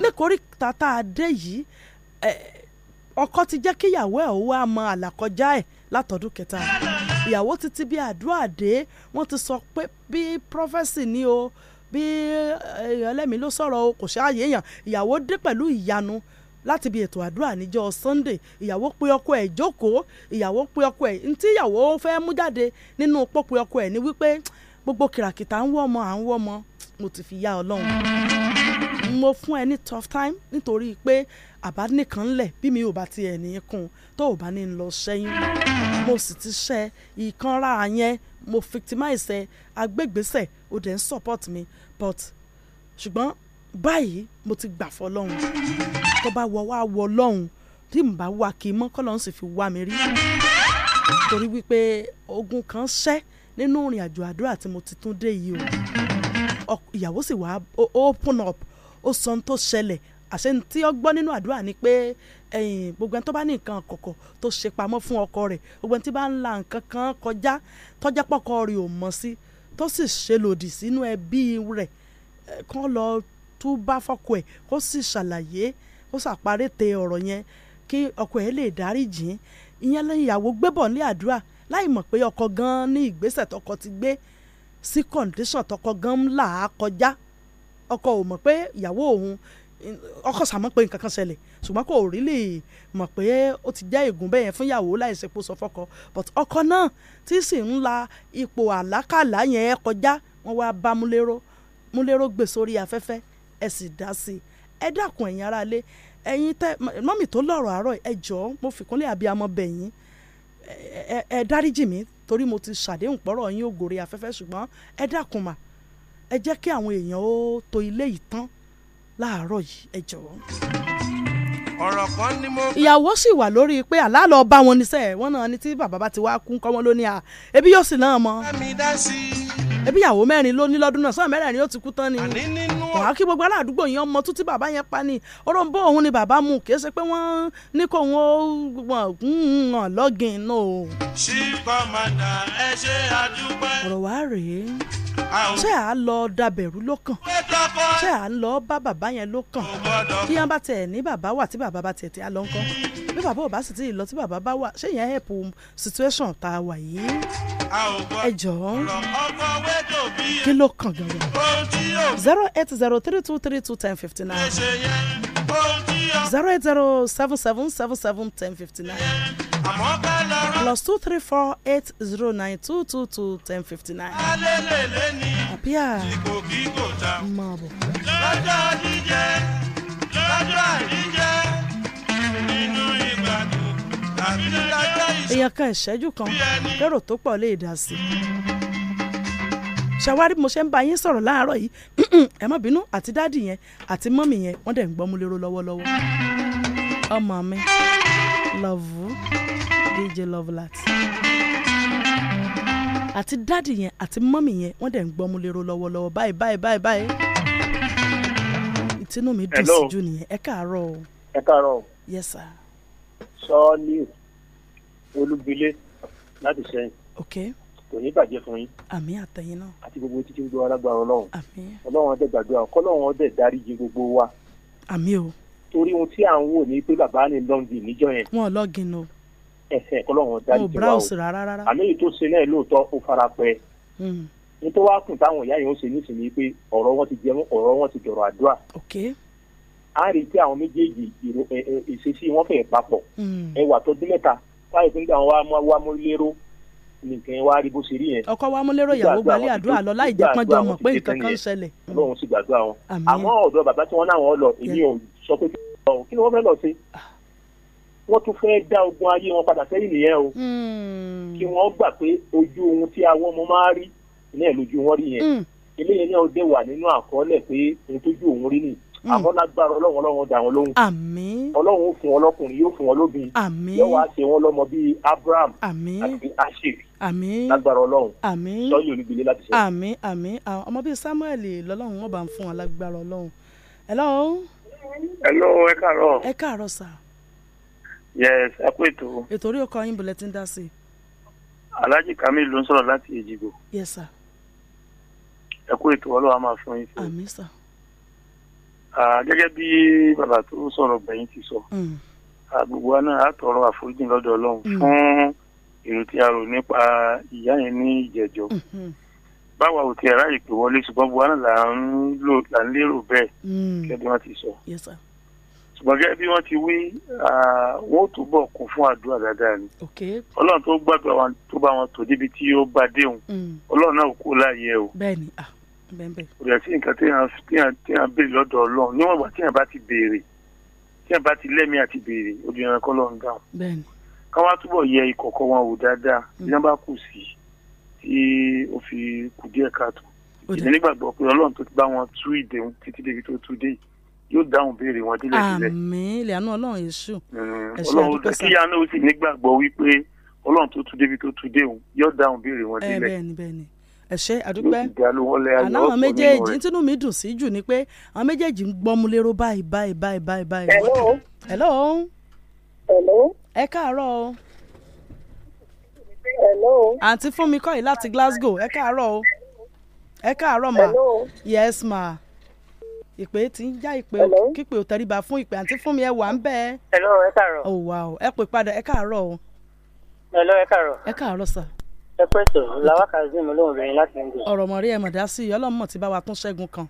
ní kórìíta dé yìí ọkọ ti jẹ́ kí ìyàwó ẹ̀ ó wá mọ àlàkọjá ẹ̀ látọ̀dún kẹta ìyàwó ti ti bí àdúrà dé wọ́n ti sọ pé bí prọfẹ́sì ni o bí eh, ẹlẹ́mìí ló sọ̀rọ̀ o kò ṣáàyè èèyàn ìyàwó dé pẹ̀lú ìyanu láti bí ètò àdúrà níjọ́ Sunday ìyàwó pe ọkọ ẹ̀ jókòó ìyàwó pe ọkọ ẹ̀ ntí ìyàwó fẹ́ mú jáde nínú pópè ọkọ ẹ̀ ni wípé gbogbo kìràkìtà ń wọ́ ọmọ à ń wọ́ ọmọ mo ti fi yá Ọlọ́run mo fún ẹ ní tough time nítorí pé àbá nìkan ńlẹ̀ bí mi ò bá ti ẹ̀ ní kún tó ò bá ní lọ sẹ́yìn mo sì ti ṣe ìkanra yẹn mo victimize ẹ agbègbèsè o dẹ̀ ń support mi but ṣùgbọ́n báyìí mo ti gbà fọ́ lọ́hùn tó bá wọ wá wọ lọ́hùn tí n bá wà kí mọ́ kọ́lọ́hún sì fi wá mi rí torí wípé ogun kan ṣẹ́ nínú ìrìn àjò àdúrà tí mo ti tún dé yìí o ìyàwó sì wá open up ó sọ ohun tó ṣẹlẹ̀ àṣẹ tí ó gbọ́ nínú àdúrà ni pé ẹ̀yìn gbogbo ẹni tó bá ní nǹkan kọ̀kọ̀ tó ṣe pamọ́ fún ọkọ rẹ̀ gbogbo ẹni tí bá ń la nǹkan kan kọjá tọ́já pọ̀kọ rẹ̀ ò mọ̀ sí tó sì ṣe lòdì sínú ẹbí rẹ̀ kán lọ tú bá fọ́kọ ẹ̀ kó sì ṣàlàyé kó ṣàparètè ọ̀rọ̀ yẹn kí ọkọ ẹ̀ lè dáríjì ìyẹn lẹ́yìn ìyàwó gbébọ̀ ní àdúrà láì mọ̀ pé ọkọ gan-an ní ìgbésẹ̀ tọkọ ti gbé sí kọ̀ǹdíṣàn tọkọ gan ń là á kọjá ọkọ ò mọ̀ pé ìyàwó òun ọkọ sàmọ́ pé nǹkan kan ṣẹlẹ̀ ṣùgbọ́n kò rí lè mọ̀ pé ó ti jẹ́ ègún bẹ́ẹ̀ fún ìyàwó láìsí pò sọ fọ́kọ but ọkọ náà tí sì ń la ipò àlákàlà yẹn kọjá wọ́n wá bá múlẹ́rọ́ múlẹ́rọ́ gbé sórí afẹ́fẹ́ ẹ sì dá sí i ẹ dákun ẹ̀yin aráalé ẹ̀yin tẹ mọ́mì tó lọ́rọ̀ àárọ̀ ẹ jọ̀ọ́ mo fìkúnlẹ̀ àbí amọ̀ bẹ̀yìn ẹ dáríjì mi torí mo ti ṣàdéhùn pọ́rọ̀ yín ògòrè afẹ́fẹ́ ṣùgbọ́n ẹ dákun mà ẹ jẹ́ kí àwọn èèyàn ó to ilé yìí tán láàárọ̀ yìí ẹ jọ̀wọ́. ọ̀rọ̀ kan ni mo. ìyàwó sì wà lórí pé àlá lọ bá wọn níṣẹ́ wọn náà ni tí bàbá bá ti wá kún kọ́ wọn ló ní à ebi yóò sì náà mọ́. ebi ìyàwó mẹ́rin ló ní lọ́dún náà sọ́ọ̀ mẹ́rẹ̀ẹ̀rin wàá kí gbogbo aládùúgbò yẹn ọmọ tún tí bàbá yẹn pa ni òrombó òun ni bàbá mu kì í ṣe pé wọ́n ní kó wọn hàn lọ́gìn náà. ṣí kọ́mọ̀dà ẹ ṣe àdúpẹ́. ọ̀rọ̀ wá rèé ṣé à ń lọ dabẹ̀rú lọ́kàn ṣé à ń lọ bá bàbá yẹn lọ́kàn kí wọ́n bá tẹ̀ ní bàbá wà tí bàbá bá tẹ̀ tẹ̀ á lọ́ńkọ́ bí bàbá ò bá sì ti lọ tí bàbá bá wà ṣé ìyẹn help situation tá a wà yìí ẹ jọ̀ọ́ kí ló kàn gangan zero eight zero three two three two ten fifty nine zero eight zero seven seven seven seven ten fifty nine plus two three four eight zero nine two two two ten fifty nine. àbíà máa bọ̀. lọ́jọ́ jíjẹ lọ́jọ́ àríyá. èèyàn kan ìṣẹ́jú kan kérò tó pọ̀ lè dà sí ṣàwárí mo ṣe ń bá yín sọ̀rọ̀ láàárọ̀ yìí (clears throat) ẹ má bínú àti dáàdì yẹn àti mọ́mì yẹn wọ́n dẹ̀ ń gbọ́mú lérò lọ́wọ́lọ́wọ́ ọmọ mi lọ́vù DJ Lovelat àti dáàdì yẹn àti mọ́mì yẹn wọ́n dẹ̀ ń gbọ́mú lérò lọ́wọ́lọ́wọ́ báyìí báyìí báyìí báyìí ìtinú mi dùn sí jù nìyẹn ẹ káàárọ̀ o. ẹ káàárọ̀ o. yes sir sọ́ọ́lì olúbilé láti sẹ́yìn. ok kò ní bàjẹ́ fún yín. àmín àtẹ̀yìn náà. àti gbogbo títí gbogbo alágbára ọlọ́run. àmín. ọlọ́run ọdẹ gbàdúrà kọ́lọ́run ọdẹ dáríjì gbogbo wa. àmín o. torí ohun tí à ń wò ní pé bàbá ni lọ́ngì níjọ yẹn. wọn ò lọ́gìn o. ẹsẹ̀ kọ́lọ́run dáríjì wa o. o browse rárá rárá. àmì èyí tó ṣe náà lóòótọ́ ó fara pẹ́. Hmm. ní tó wá kùn táwọn ìyá yẹn ó ṣe nísìnyí pé ọ̀rọ̀ wọn ti jẹ́ ọ̀rọ̀ wọn ti dọ̀rọ̀ àdúrà a rí i pé àwọn méjèèjì ìṣesí wọn fẹ́ẹ̀ papọ̀ hmm. ẹwà tọdún mẹ́ta táyì tó ń gbà wọn wá múlẹ́rọ́ nìkan wá rí bó ṣe rí yẹn. ọkọ wa múlẹ́rọ ìyàwó gbalẹ̀ àdúrà lọ láì jẹ́ pọ́njọ mọ̀ pé nǹkan kan ṣẹlẹ̀. Hmm. ọlọ́run sì gbàdúrà wọn àmọ́ ọ̀dọ̀ bàbá tí wọ́n láwọn lọ èmi ò sọ pé kí ni wọ́n fẹ́ lọ sí ah. wọ́n tún fẹ́ dá ogun ayé wọn padà sẹ́yìn nìyẹn o hmm. kí wọ́n gbà pé ojú ohun tí àwọn ọmọ máa rí náà lójú wọn rí yẹn eléyìí náà dé wà nínú àkọọ́lẹ̀ pé ohun tójú òun rí nìyí Mm. àmọ́ lágbára ọlọ́run ọlọ́run dá wọn lóhùn. ọlọ́run fún wọn yóò fún wọn lóbìn. yóò wá ṣe wọn lọ́mọ bíi abraham. àti ashik. lágbára ọlọ́run. sọ́yìn olùgbèlè láti ṣe. àmín àmín ọmọ bíi samuel lọ́lọ́run wọn bá ń fún wọn lágbára ọlọ́run. hello. hello ẹ káàárọ̀. ẹ káàárọ̀ sà. yes ẹ kú ètò. ètò orí ọkọ yín bulletin dá ń sọ̀rọ̀ láti èjìgbò. yes sir. ẹ kú ètò ọlọ́wà sir gẹ́gẹ́ bí bàbá tó sọ̀rọ̀ gbẹ̀yìn ti sọ hmm. gbogbo wa náà á tọrọ àforíjì lọ́dọ̀ ọlọ́run hmm. fún èrò tí a rò nípa ìyá yẹn ní ìjẹ̀jọ́ hmm, báwa ò tiẹ̀ ráàyè pè wọlé ṣùgbọ́n gbogbo wa náà là ń lérò bẹ́ẹ̀ gẹ́gẹ́ bí wọ́n ti sọ ṣùgbọ́n gẹ́gẹ́ bí wọ́n ti wí wọ́n ó túbọ̀ kún fún àdúrà dáadáa ni ọlọ́run tó gbàdúrà wọn tó bá wọn tò débi tí ó bá déhùn ọlọ́run náà kú láàyè o. bẹ́ẹ̀ni ah kò dẹ̀ sí nǹkan téèyàn béèrè lọ́dọ̀ ọlọ́run níwọ̀n ìgbà téèyàn bá ti béèrè téèyàn bá ti lẹ́mìí àti béèrè ojú ẹran kọ́ lọ́run dáhùn káwá túbọ̀ yẹ ìkọ̀kọ̀ wọn wò dáadáa ìyá mm. bá kù sí tí ó fi kù díẹ̀ káàtó ìdí nígbàgbọ́ pé ọlọ́run tó ti bá wọn tú ìdẹ̀hùn títí débi tó tú dé yóò dáhùn béèrè wọn délẹ̀ délẹ̀. àmín ìlànà ọlọ́run ọlọ́run tó kí yanu ẹ ṣe àdúpẹ́ àná àwọn méjèèjì tínú mi dùn sí jù ni pé àwọn méjèèjì ń gbọ́mulérò báyìí báyìí báyìí báyìí báyìí. hello. hello. hello. ẹ káàárọ̀ o. hello. àǹtí fún mi kọ́ yìí láti Glasgow ẹ káàárọ̀ o. ẹ káàárọ̀ ma. hello. yes ma. ìpè tí ń já ìpè kípè ò tẹríba fún ìpè àǹtí fún mi ẹ wà ń bẹ́ẹ̀. hello ẹ káàárọ̀. ò wà o ẹ pè padà ẹ káàárọ̀ o. hello ẹ káàárọ̀. ẹ káàárọ̀ sir ẹ pẹ́ tó làwọn kazeem olóhùnbẹ̀rin láti nàìjíríà. ọ̀rọ̀ mọ̀rí ẹ̀ mọ̀dá sí i ọlọ́mọ ti bá wa tún ṣẹ́gun kan.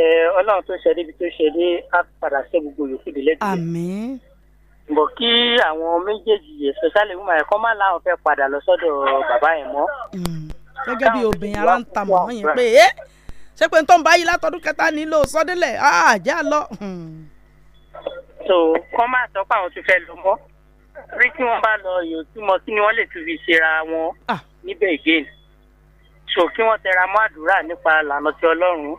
ẹ ọlọ́run tó ṣe débi tó ṣe dé á padà ṣe gbogbo yòókù délé délé. àmín. bọ̀ kí àwọn méjèèjì yẹn sọ́sálì wúmọ̀ ẹ̀kọ́ má láwọn fẹ́ padà lọ sọ́dọ̀ bàbá yẹn mọ́. Mm. gẹ́gẹ́ bí obìnrin ara ń ta mọ̀mọ́ yẹn pé ẹ́ ṣé pé tó ń bá yí látọdún kẹta nílò sọdílẹ̀ àjá lọ. Hmm. so kọ́ máa sọ pé àwọn ti fẹ́ lọ mọ́ rí tí wọ́n bá lọ yòó túmọ̀ kí ni wọ́n lè tún fi ṣera wọn ah. níbẹ̀ again so kí wọ́n tẹra mọ́ àdúrà nípa ìlànà ti ọlọ́run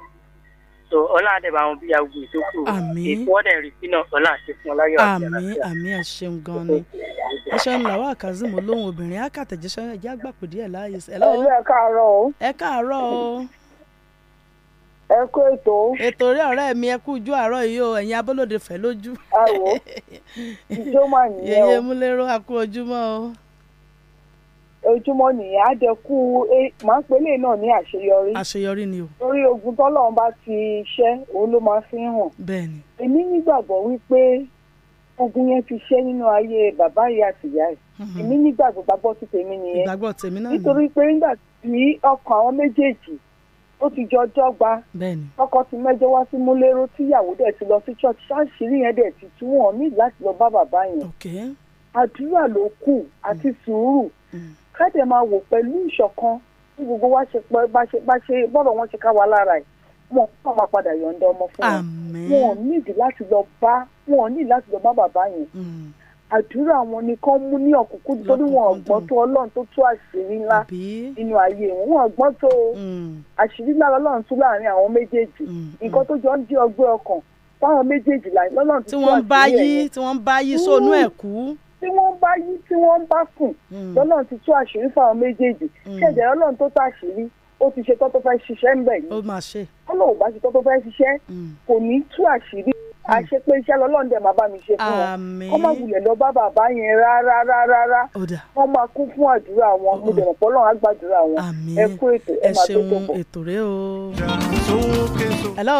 so ọlá àdẹ̀bà àwọn bíi àwùjọ ìdókò ètò wọn rí sínú ọlá àti fún ọláyọ̀ àti àlàáfíà. àmì àmì ẹ gan ni ẹ ṣeun làwọn àkàzìmọ lóhùn obìnrin á ẹ̀jẹ̀ àgbàpọ̀ díẹ̀ láàyè. ẹ lọ́wọ́ ẹ káàárọ̀ o. ẹ káàárọ̀ o ẹ kú ètò. ètò rẹ ọ̀rẹ́ mi ẹ kú ojú àárọ̀ yìí o ẹ̀yin abọ́lódé fẹ́ lójú. àwọ̀ ìjọ mà nìyẹn o. yèyé múlẹ́rọ́ a kú ojúmọ́ o. ojúmọ́ nìyẹn á jẹ kú e, máa ń pélé náà ní àṣeyọrí. àṣeyọrí ni o. torí ogun tọ́lọ́run bá ti ṣẹ́ òun ló máa fi hàn. bẹ́ẹ̀ni. èmi nígbàgbọ́ wípé ogun yẹn ti ṣẹ́ nínú ayé bàbá ìyá àtìyá ẹ̀. Mhm. èmi nígbàgbọ́ gbàgbọ́ ti tèmi nìyẹn. ìgbàgbọ́ tèmi náà nìyẹn. nítorí pé nígbà tí ọkàn àwọn méjèèjì ó ti jọ dọ́gba ọkọ ti mẹ́jọ wá sí múlẹ́rọ́ tíyàwó dẹ̀ ti lọ sí church ṣáàṣìrí yẹn dẹ̀ ti tú wọn ní láti lọ bá bàbá yẹn àdúrà ló kù àti mm. sùúrù mm. ká máa wò pẹ̀lú ìṣọ̀kan bí gbogbo wa ṣe bá ṣe bá ṣe bọ́rọ̀ wọn ṣe ká wa lára ẹ̀ wọn kọ́ máa padà yọ̀ǹda ọmọ fún wọn wọn ò nídìí láti lọ bá wọn ò nídìí láti lọ bá bàbá yẹn mm àdúrà wọn ni kán mú ní ọ̀kúnkún torí wọn ọ̀gbọ́n tó ọlọ́run tó tú àṣírí ńlá nínú ayé wọn wọn ọ̀gbọ́n tó mm. àṣírí ńlá lọ́lọ́run tú láàrin àwọn méjèèjì mm, mm. nǹkan tó jọ ń di ọgbẹ́ ọkàn fáwọn méjèèjì lọ́lọ́run tó tú àṣírí ẹ̀ tí wọ́n bá yí tí wọ́n bá yí sónú ẹ̀ kú tí wọ́n bá yí tí wọ́n bá kùn lọ́lọ́run ti tú àṣírí fáwọn méjèèjì ṣẹ̀dẹ̀ lọ́lọ́run tó tú àṣírí ó ti ṣe tọ́ fẹ́ ṣiṣẹ́ ńbẹ̀ yìí ó lóun àṣẹ mm. pé iṣẹ́ lọ́lọ́run dẹ̀ máa bá mi ṣe fún wọn kọ́ máa wulẹ̀ lọ bá bàbá yẹn rárá rárá rárá wọ́n máa kún fún àdúrà wọn mo dẹ̀ mọ̀pọ́ lọ́run á gbàdúrà wọn ẹ kú ètò ẹ máa tó tó bọ̀. ètò rẹ o. hello.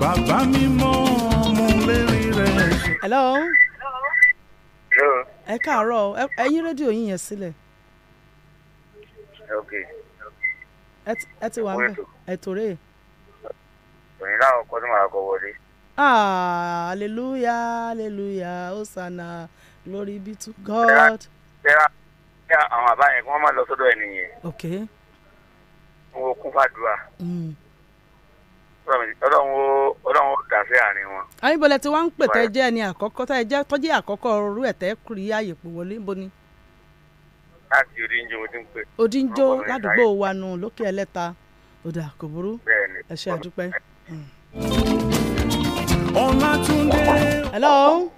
bàbá mi mọ ọmọ lérí rẹ. hello. ẹ káàárọ̀ ẹ yín rédíò yín yẹn sílẹ̀ ẹ ti wà ń bẹ̀ ẹ tòrè. onyinye ahụ ụfọdụ ma akọwọlé. hallelujah hallelujah hosanna glory be to God. ṣé àwọn àbá yẹn kí wọ́n máa lọ sọ́dọ̀ ẹni nìyẹn. ok. wọn kún fàdúrà. ọlọ́run ó dà sí àárín wọn. tí wọ́n ń pè tẹ́ jẹ́ ẹni àkọ́kọ́ jẹ́ tọ́jú àkọ́kọ́ Ọlátúndé. hello.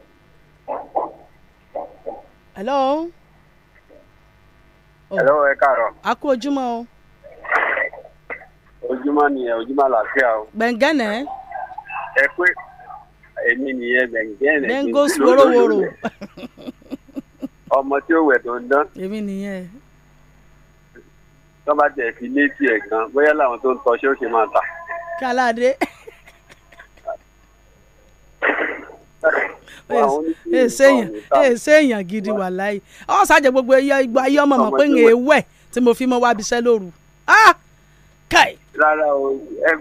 hello. Oh. hello ẹ káàárọ̀. a kú ojúmọ́ o. ojúmọ́ nìyẹn ojúmọ́ àlàáfíà o. gbẹ̀ngẹ́nẹ̀. ẹ pé èmi nìyẹn gbẹ̀ngẹ́nẹ̀. bengos worowóró. ọmọ tí ó wẹ̀ tó ń dán. èmi nìyẹn. tọ́ba tẹ̀ fi létí ẹ̀ gan bóyá làwọn tó ń tọ́ṣẹ́ ó ṣe máa tà. Kalade. èsèyàn èsèyàn gidi wà láyé ọ sàjẹ gbogbo ìgbà ayé ọmọ mọ pé ń ewé tí mo fi mọ wá bíṣẹ́ lóru kai. rárá o ẹ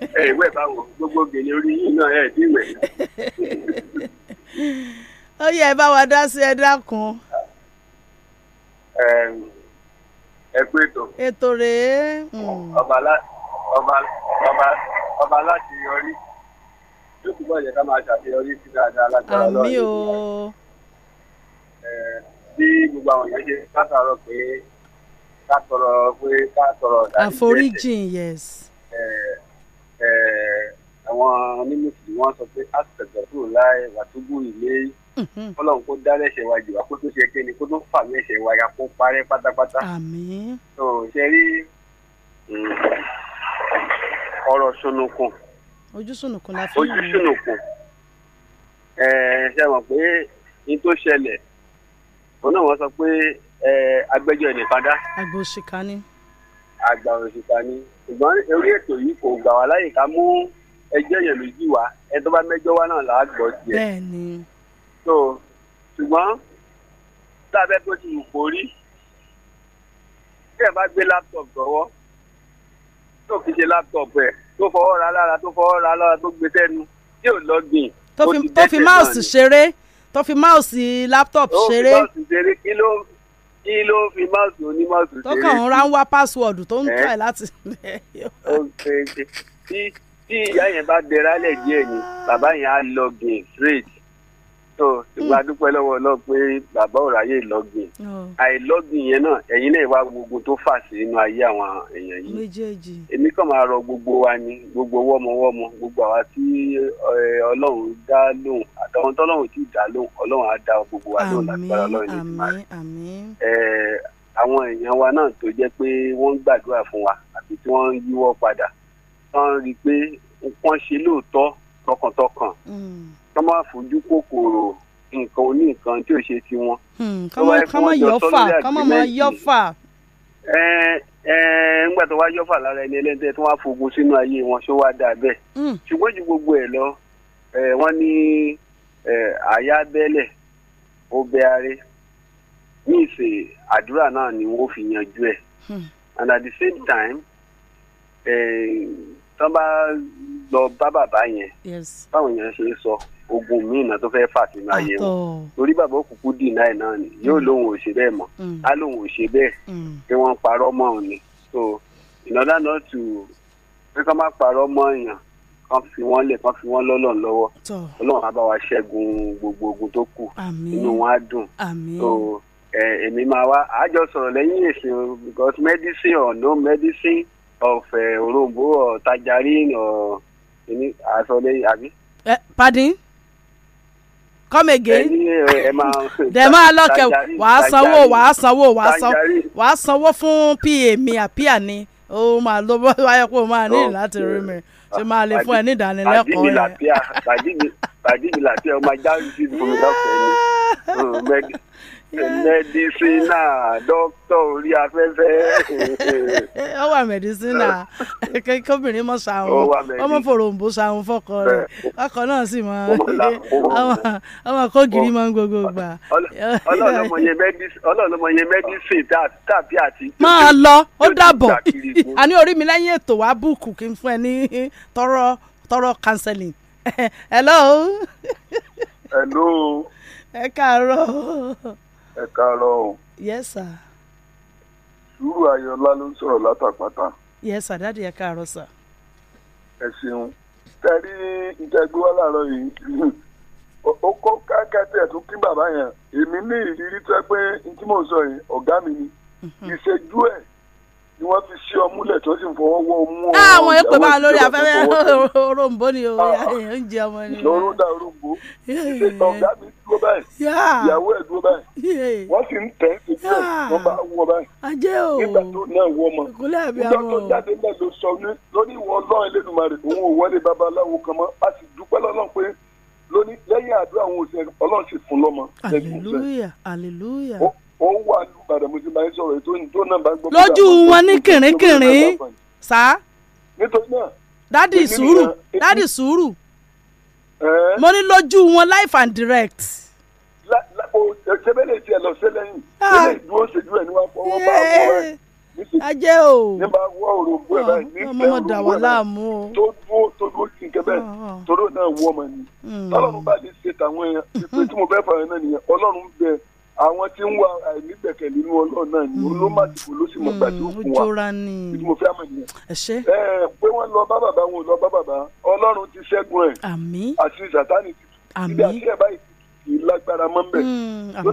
ẹ ìwé báwo gbogbo gèlè orí yín náà ẹ dín ìwé. ó yẹ ẹ bá wa dá sí ẹ dákun ẹ pé ètò. ètò rèé. Hmm. ọba ọba láti yọrí yóò túbọ̀ yẹ ká máa ṣàṣeyọrí sí dáadáa lágbára lọ́wọ́. àmì o. bí gbogbo àwọn èèyàn ṣe látàárọ̀ pé ká tọrọ pé ká tọrọ. àforíjìn yes. àwọn onímọ̀sí wọ́n sọ pé àtẹ̀gbẹ̀fọ́ láì wàtúbù ilé yìí. Mm-hmm. Ọlọ́run kó dá lẹ́sẹ̀ wa jù wá kó tó ṣe kéde kó tó fà lẹ́sẹ̀ wa ya kó parẹ́ pátápátá. Àmín. ṣe rí mm, ọ̀rọ̀ sunukun. ojú sunukun la fi ń wò. ojú sunukun ṣe mọ̀ pé ní tó ṣẹlẹ̀ òun náà wọ́n sọ pé agbẹjọ́ nìkan dá. àgbà òṣìkà ni. àgbà òṣìkà ni ṣùgbọ́n orí ètò yìí kò gbà wá láyè ká mú ẹjọ́ yẹn lójú wa ẹ tó bá mẹ́jọ́ wá náà là gbọ́ tiẹ̀. bẹ́ẹ̀ ni so ṣùgbọ́n lábẹ́ tó ti wù kó rí tí ẹ bá gbé laptop sọ́wọ́ tó fi ṣe laptop ẹ̀ tó fọwọ́ ra lára tó fọwọ́ ra lára tó gbé sẹ́nu tí ò lọ gbìn. tó fi mouse ṣeré tó fi mouse laptop ṣeré. tó fi mouse ṣeré kí ló kí ló fi mouse oní mouse ṣeré. tó kàn ń ra ń wá password tó ń tà láti. tí tí ìyá yẹn bá dẹrálẹ̀ díẹ̀ ni ah. bàbá yẹn á lọ gbìn straight tó ṣùgbọ́n adúpẹ́ lọ́wọ́ ọlọ́run pé bàbá ò ráyè lọ́gbìn oh. àìlọ́gbìn yẹn náà ẹ̀yin náà wá gbogbo tó fà sí inú ayé àwọn èèyàn yìí méjèèjì èmi kàn máa rọ gbogbo wa ni gbogbo wọ́mọwọ́mọ gbogbo àwa tí eh, ọlọ́run dá lóhùn àtàwọn tọ́lọ́run tí dá lóhùn ọlọ́run á dá gbogbo wa lóhùn lágbára ọlọ́run ní ìgbà rẹ̀ àwọn èèyàn wa náà tó jẹ́ pé wọ́n ń gbàdúrà fún wa àti tí wọ́n ń yíwọ́ padà wọ́n rí i pé wọ́n ṣe lóòótọ́ tọkàntọkàn mm kán má fojú kòkòrò nǹkan oní nǹkan tí ò ṣe ti wọn. Hmm, kán má yọ fà kán má yọ fà. ẹ tó wá yọ fà lára ẹni ẹlẹ́dẹ̀ tó wá fogun sínú ayé wọn ṣó wá dà bẹ́ẹ̀. Hmm. ṣùgbọ́n ju gbogbo ẹ̀ lọ wọ́n ní àyà ó bẹ́ aré ní ìsè àdúrà náà ni wọ́n fi yanjú ẹ̀. Hmm. and at the same time tán bá lọ bá bàbá yẹn báwọn yẹn ṣe sọ ogun míì náà tó fẹ́ẹ́ fà sínú ayé wọn torí bàbá òkùnkùn dì náà náà ni yóò mm. lóun ò ṣe bẹ́ẹ̀ mọ́ mm. á lóun ò ṣe bẹ́ẹ̀ kí mm. wọ́n parọ́ mọ́ òun ni so in order not to pé kán má parọ́ mọ́ èèyàn kán fi wọ́n lẹ̀ kán fi wọ́n lọ́lọ́run lọ́wọ́ ọlọ́run á bá wa ṣẹ́gun gbogbo ogun tó kù inú wọn á dùn so èmi máa wá àjọ sọ̀rọ̀ lẹ́yìn èsì because medicine or no medicine of òrombó eh, or tajarin or àsọlẹ́yìn àbí. Eh, pardon come again. dẹ̀ máa (laughs) lọ́kẹ̀ wàá sanwó wàá sanwó wàá sanwó fún pa mi àpíà ni ó máa lọ bọ́ wáyé pé ó máa ní láti rí mi ṣe máa lè fún ẹ ní ìdánilẹ́kọ̀ọ́ yẹn. tàbí mi làpíà tàbí mi làpíà ọmọ ajá ń bí mi lọ́fẹ̀ẹ́ ni. (laughs) mẹdísínà dókítà orí afẹ́fẹ́. (laughs) ó wà mẹdísínà kóbìnrin mọ sàrùn ọmọ fòròǹbó fọkọ ọkọ náà sì mọ ọmọ kógìrì mọ gbogbo gbà. ọlọ́ọ̀lọ́mọye mẹdísìn tàbí lọ ó dàbọ̀ (laughs) àní orí mi lẹ́yìn wa búùkù kí n fún ẹ tọrọ tọrọ counseling. (laughs) hello. hello. ẹ káàárọ̀. ẹ káàárọ̀ o. yes sir. sùúrù ayọ̀lá ló ń sọ̀rọ̀ látàpátá. yes sir dáàdi ẹ káàárọ̀ sir. ẹ ṣeun tẹ́rí ìjẹ́gbé wá láàárọ̀ yìí ó kó kákẹ́tẹ̀ tó kí bàbá yẹn èmi ní ìrírí tó ẹ pé tí mò ń sọ yìí ọ̀gá mi ni mm-hmm. ìṣẹ́jú ẹ̀ ni wọ́n fi sí ọmú lẹ̀ tó sì ń fọwọ́ wọ́ ọmú ah, ọ̀hún. àwọn èpè máa lórí afẹ́fẹ́ òròǹbó (laughs) ni oúnjẹ ah, ọmọ ni. lọ́rùn dá òròǹbó ọ̀gá mi dúró báyìí ìyàwó ẹ̀ dúró báyìí wọ́n sì ń tẹ̀ ẹ́ sí wọ́n bá wọ báyìí. ajé o nígbà tó náà wọ ọmọ nígbà tó jáde náà ló sọ lórí ìwọ ọlọ́run Elédùmarè òun ò wọlé babaláwo kan mọ́ a sì dúpẹ́ lọ́lọ́run pé lóní lẹ́yìn àdúrà òun ò wọ́n wà ní Ìbàdàn mo ti máa ń sọ̀rọ̀ ètò ìtò náà bá gbọ́. lójú wọn ní kìrìnkìrìn sá. nítorí náà. dádì sùúrù dádì sùúrù. mo ní lójú wọn life and direct. ṣẹbẹ́lẹ̀ tiẹ̀ lọ sí lẹ́yìn ilé ìdúró ṣèjú ẹ̀ ní wàá fọwọ́ bá ọkọ rẹ̀. Eh, ajé o ní bá wọ òròǹbó ẹ̀ báyìí ní fẹ́ òròǹbó ẹ̀ tó dúró tó dúró kí n kẹ́ bẹ́ẹ̀ ah, ah. tó dúró náà wọ́ ọmọ ni. Hmm. tọ́lọ́run bá lè ṣe tàwọn èèyàn ìpè tí mo fẹ́ fà àwọn tí ń wá àìní gbẹ̀kẹ̀ nínú ọlọ́run náà ni hmm. olómàdìbò ló sì mọ̀ gbà tí ó fún wa bí mo fẹ́ mọ̀ nìyẹn. ẹ ẹ pé wọ́n lọ bá bàbá wọn ò lọ bá bàbá ọlọ́run ti ṣẹ́gun ẹ̀ àti sátánì ti tù ibi àti ẹ̀ báyìí ti lágbára mọ́ ń bẹ̀. Hmm,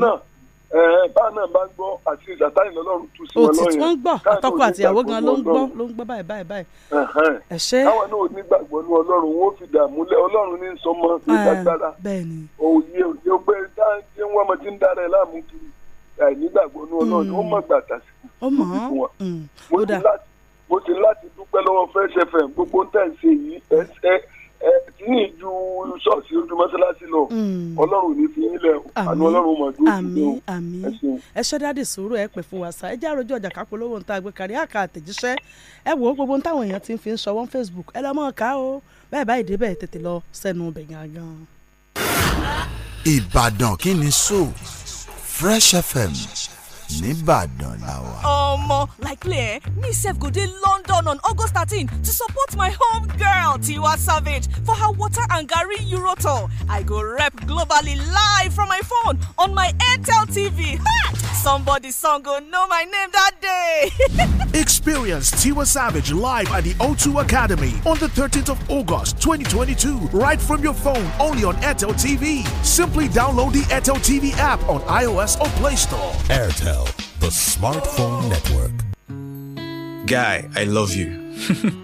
báà náà bá ń gbọ́ àti ìdàtàyè lọ́lọ́run tú sí wọn lọ́yìn. òtítọ́ ń gbọ́ àtọ́kọ àtìyàwó gan ló ń gbọ́ ló ń gbọ́ báyìí báyìí báyìí. ẹ ṣé. káwọn náà nígbàgbọ́ ní ọlọ́run wọn ò fi dààmú lẹ ọlọ́run ní sọmọ nígbàgbára òye òye pé táǹkì wọn ti ń dára ẹ láàmú kiri àìnígbàgbọ́ ní ọlọ́run mm. ó mọ̀ gbà tàsíkò. ó mọ̀ ọ́n mm. ó dà mo ti láti dúpẹ́ lọ́wọ́ Fresh FM gbogbo ń tẹ̀ ń ẹ kì í ju ṣọ́ọ̀ṣì ojú mọ́ṣáláṣí lọ mm. ọlọ́run ní fi yín lẹ̀ o àánú ọlọ́run mọ̀ tó ti lọ ẹ ṣeun. ẹ ṣe dáàdì sùúrù ẹ pè fún wa sa ẹ jẹ́ àròjọ ọjà kápolówó ń ta àgbẹ̀ kárí àká àtẹ̀jíṣẹ́ ẹ wò ó gbogbo táwọn èèyàn ti fi ń ṣọwọ́n Facebook ẹ lọ mọ̀ ká o bẹ́ẹ̀ báyìí débẹ̀ tètè lọ sẹ́nu ibẹ̀ gangan. Ìbàdàn kí ni so Fresh FM nìbàdàn la ọmọ likely me sef go dey london on august thirteen to support my home girl tiwa savage for her water and garri euro tour i go rep globally live from my phone on my airtel tv ha! somebody song go know my name that day. (laughs) Experience Tiwa Savage live at the O2 Academy on the 13th of August 2022, right from your phone, only on Airtel TV. Simply download the Airtel TV app on iOS or Play Store. Airtel the Smartphone Network. Guy, I love you.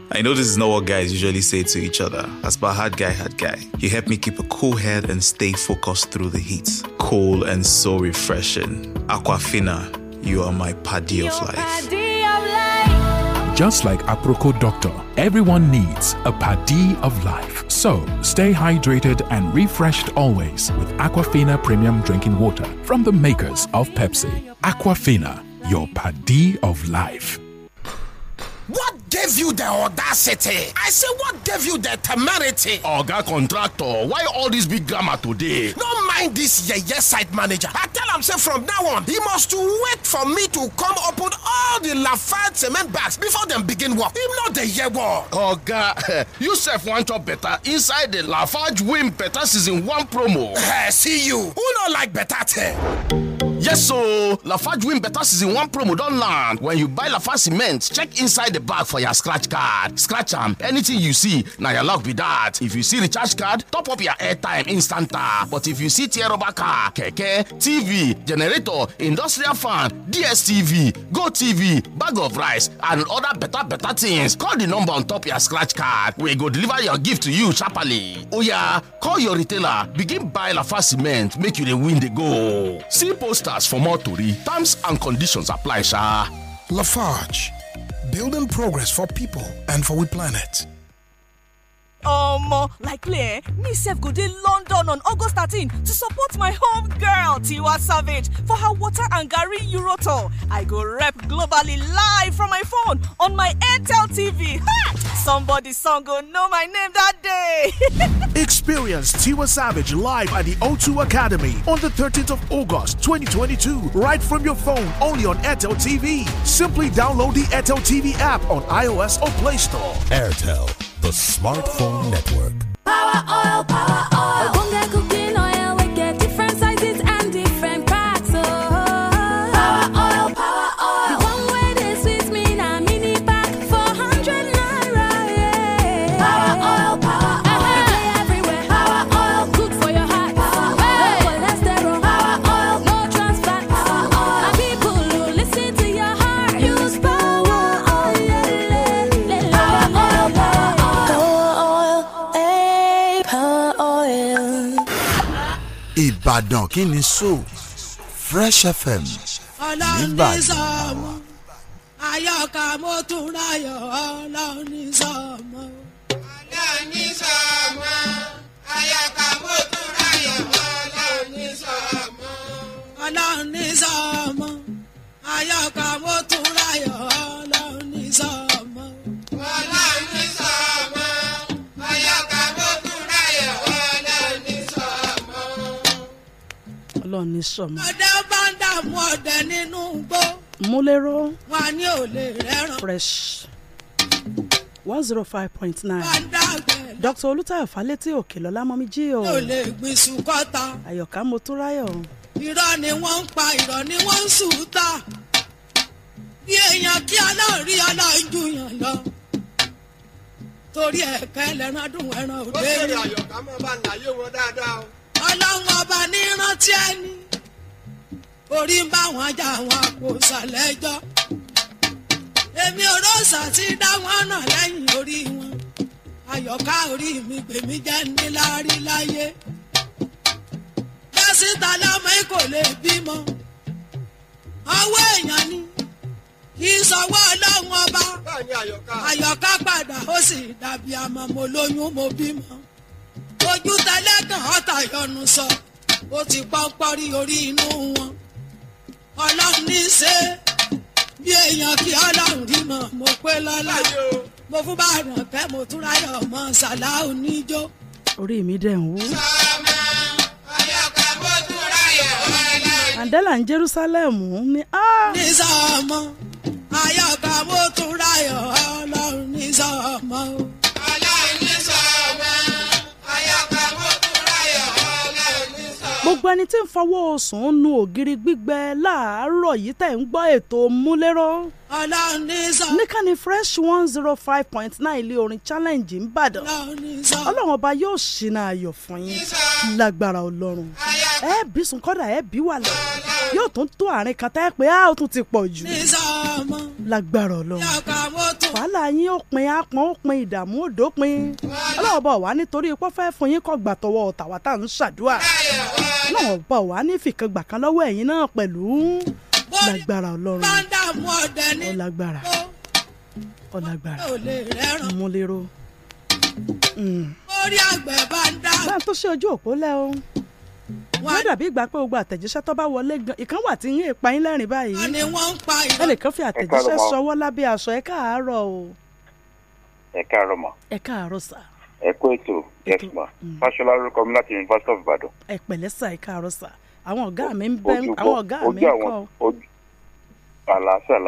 (laughs) I know this is not what guys usually say to each other. As per hard guy, hard guy. You help me keep a cool head and stay focused through the heat. Cool and so refreshing. Aquafina, you are my paddy of life. Just like Aproco Doctor, everyone needs a paddy of life. So, stay hydrated and refreshed always with Aquafina Premium Drinking Water from the makers of Pepsi. Aquafina, your padì of life. you the audacity? I say, what gave you the temerity? Oga contractor, why all this big grammar today? Don't mind this yeye site manager. I tell him, say, from now on, he must wait for me to come open all the Lafayette cement bags before them begin work. Him not the year war. Oga, (laughs) you self want job better inside the Lafarge win better season one promo. Eh, see you. Who not like better thing? Yes, so Lafarge win better season one promo don't land. When you buy Lafarge cement, check inside the bag for your scratch card. Scratch am, anything you see, now your luck be that. If you see recharge card, top up your airtime instanta. But if you see tear rubber car, keke, TV, generator, industrial fan, DSTV, Go TV, bag of rice, and other better better things, call the number on top your scratch card. We go deliver your gift to you sharply. Oya, call your retailer, begin buy Lafarge cement, make you the win the go. See poster stars for more Tori. Terms and conditions apply, sir. Lafarge, building progress for people and for the planet. Omo, like clear, eh? me self go dey London on August 13 to support my home girl Tiwa Savage for her water and Gary Euro tour. I go rep globally live from my phone on my Airtel TV. Somebody song go know my name that day. (laughs) Experience Tiwa Savage live at the O2 Academy on the 13th of August 2022 right from your phone only on Airtel TV. Simply download the Airtel TV app on iOS or Play Store. Airtel the Smartphone Network. Power oil, power oil. ìbàdàn kí ni so fresh fm nìbàdàn. ọlọ́run ní sọ́ọ̀mù ayọ̀ká mo tún ráyọ̀ ọ́. ní sọmọ. ọdẹ bá ń dààmú ọdẹ nínú igbó. múlẹ́rọ́. wà ní òòlè rẹ́ràn. fresh one zero five point nine. dr olùtayọ̀ falẹ́tì òkè lọ́lá mọ́mí jí o. yóò lè gbin sùkọ́ta. àyọ̀ká motúráyọ̀. irọ́ ni wọ́n ń pa irọ́ ni wọ́n ń sùúta. bí èèyàn kí aláàrí aláàjú yàn lọ torí ẹ̀ka ẹlẹ́ran dùn ẹran òde. ó ṣèrè àyọ̀ká mọ́ bá nàyé wọn dáadáa ọlọ́run ọba ní rántí ẹni orí ń bá wọn jà wọn kò sàlẹ́jọ́ èmi òróòsà ti dá wọn nà lẹ́yìn orí wọn àyọ̀ká orí mi gbèmí jẹ́ níláárí láyé síta lọ́mọ yìí kò lè bímọ. ọwọ́ èèyàn ni kì í sọwọ́ ọlọ́run ọba. àyọ̀ká padà ó sì dàbí àmọ́ mo lóyún mo bímọ. ojú tẹlẹ́gàn ọ̀tà yọnu sọ ó ti pọ́npọ́n rí orí inú wọn ọlọ́run ní í ṣe bí èèyàn kí ọlọ́run rí mo pé lọ́lá mo fún bàrùn ọ̀pẹ́ mo tún ráyọ̀ ọmọ sàláhùn níjó. orí mi dẹ̀ ń wú. mandela ń jerusalem ni. Ah! ní sọ́ọ̀mọ́ ayọ̀ká mo tún ráyọ̀ ọlọ́run ní sọ́ọ̀mọ́ o. gbogbo ẹni tí ń fọwọ́ sùn nu ògiri gbígbẹ láàárọ̀ yìí tẹ̀ ń gbọ́ ètò múlẹ́rọ́ níkànnì fresh one zero five point nine ilé orin challenge ńbàdàn ọlọ́run ọba yóò ṣínà ayọ̀ fún yín lágbára ọlọ́run ẹ bí sùn kọ́dà ẹ bí wà lọ yóò tún tó àárín kan tá ẹ pé a ó tún ti pọ̀ jù lágbára ọlọ́run wàhálà yín ó pin àpọ̀n ó pin ìdààmú ó dópin ọlọ́run ọba wà nítorí ipò fún yín kọ́ gbà tọwọ́ ọ̀tàwátà ń ṣàdúrà ọlọ́run ọba wà ní fìkan gbà kan lọ́wọ́ ẹ̀yin náà pẹ̀lú lágbára ọlọ́run ọlágbára ọlágbára múlẹ́rọ. bá a tó ṣe ojú òpó lẹ́ o wọ́n dàbí ìgbà pé gbogbo àtẹ̀jíṣẹ́ tó bá wọlé gan ìkan wà tí yín èpa yín lẹ́rìn báyìí ẹnìkan fi àtẹ̀jíṣẹ́ sọwọ́ lábẹ́ aṣọ ẹ káàárọ̀ o. ẹ káàárọ̀ mà. ẹ káàárọ̀ sà. ẹ kú ètò yes ma hmm. fáṣọlá lórúkọ mi láti University of Ibadan. ẹ pẹ̀lẹ́ sà ẹ káàárọ̀ sà àwọn ọ̀gá mi ń bẹ àwọn ọ̀gá mi ń kọ́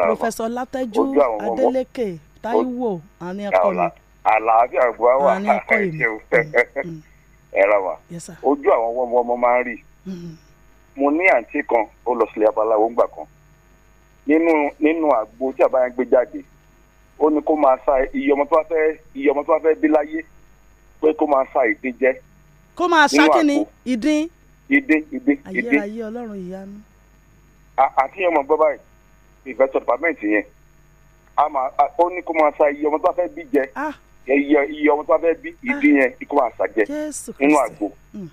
pòfẹ́sọ̀ látẹ́jú adélékè táíwò àní ẹ̀kọ́ mi. àlàáfíà gbọ́ wà àní ẹ̀kọ́ mi ẹ̀rọ mm, mm. (laughs) wa ojú àwọn ọmọ ọmọ máa ń rí mm-hmm. mo ní àǹtí kan ó lọ sílé abaláwo ńgbà kan nínú nínú àgbo tí àbáyá gbé jáde ó ní kó máa sa iye ọmọ tó bá fẹ́ iye ọmọ tó bá fẹ́ bí láyé pé kó máa sa ìdín jẹ. kó máa sa kí ni ìdín ìdè ìdè ìdè. ayé ayé ọlọ́run ìyanu. àti yẹn mọ̀ gbọ́ báyìí ìfẹsọ̀ pàmẹ́ǹtì yẹn ó ní kó máa sa iye ọmọ tó bá fẹ́ bí jẹ ah. iye iye ọmọ tó bá fẹ́ bí ìdí ah. yẹn kó máa sa jẹ nínú àgbo. Hmm.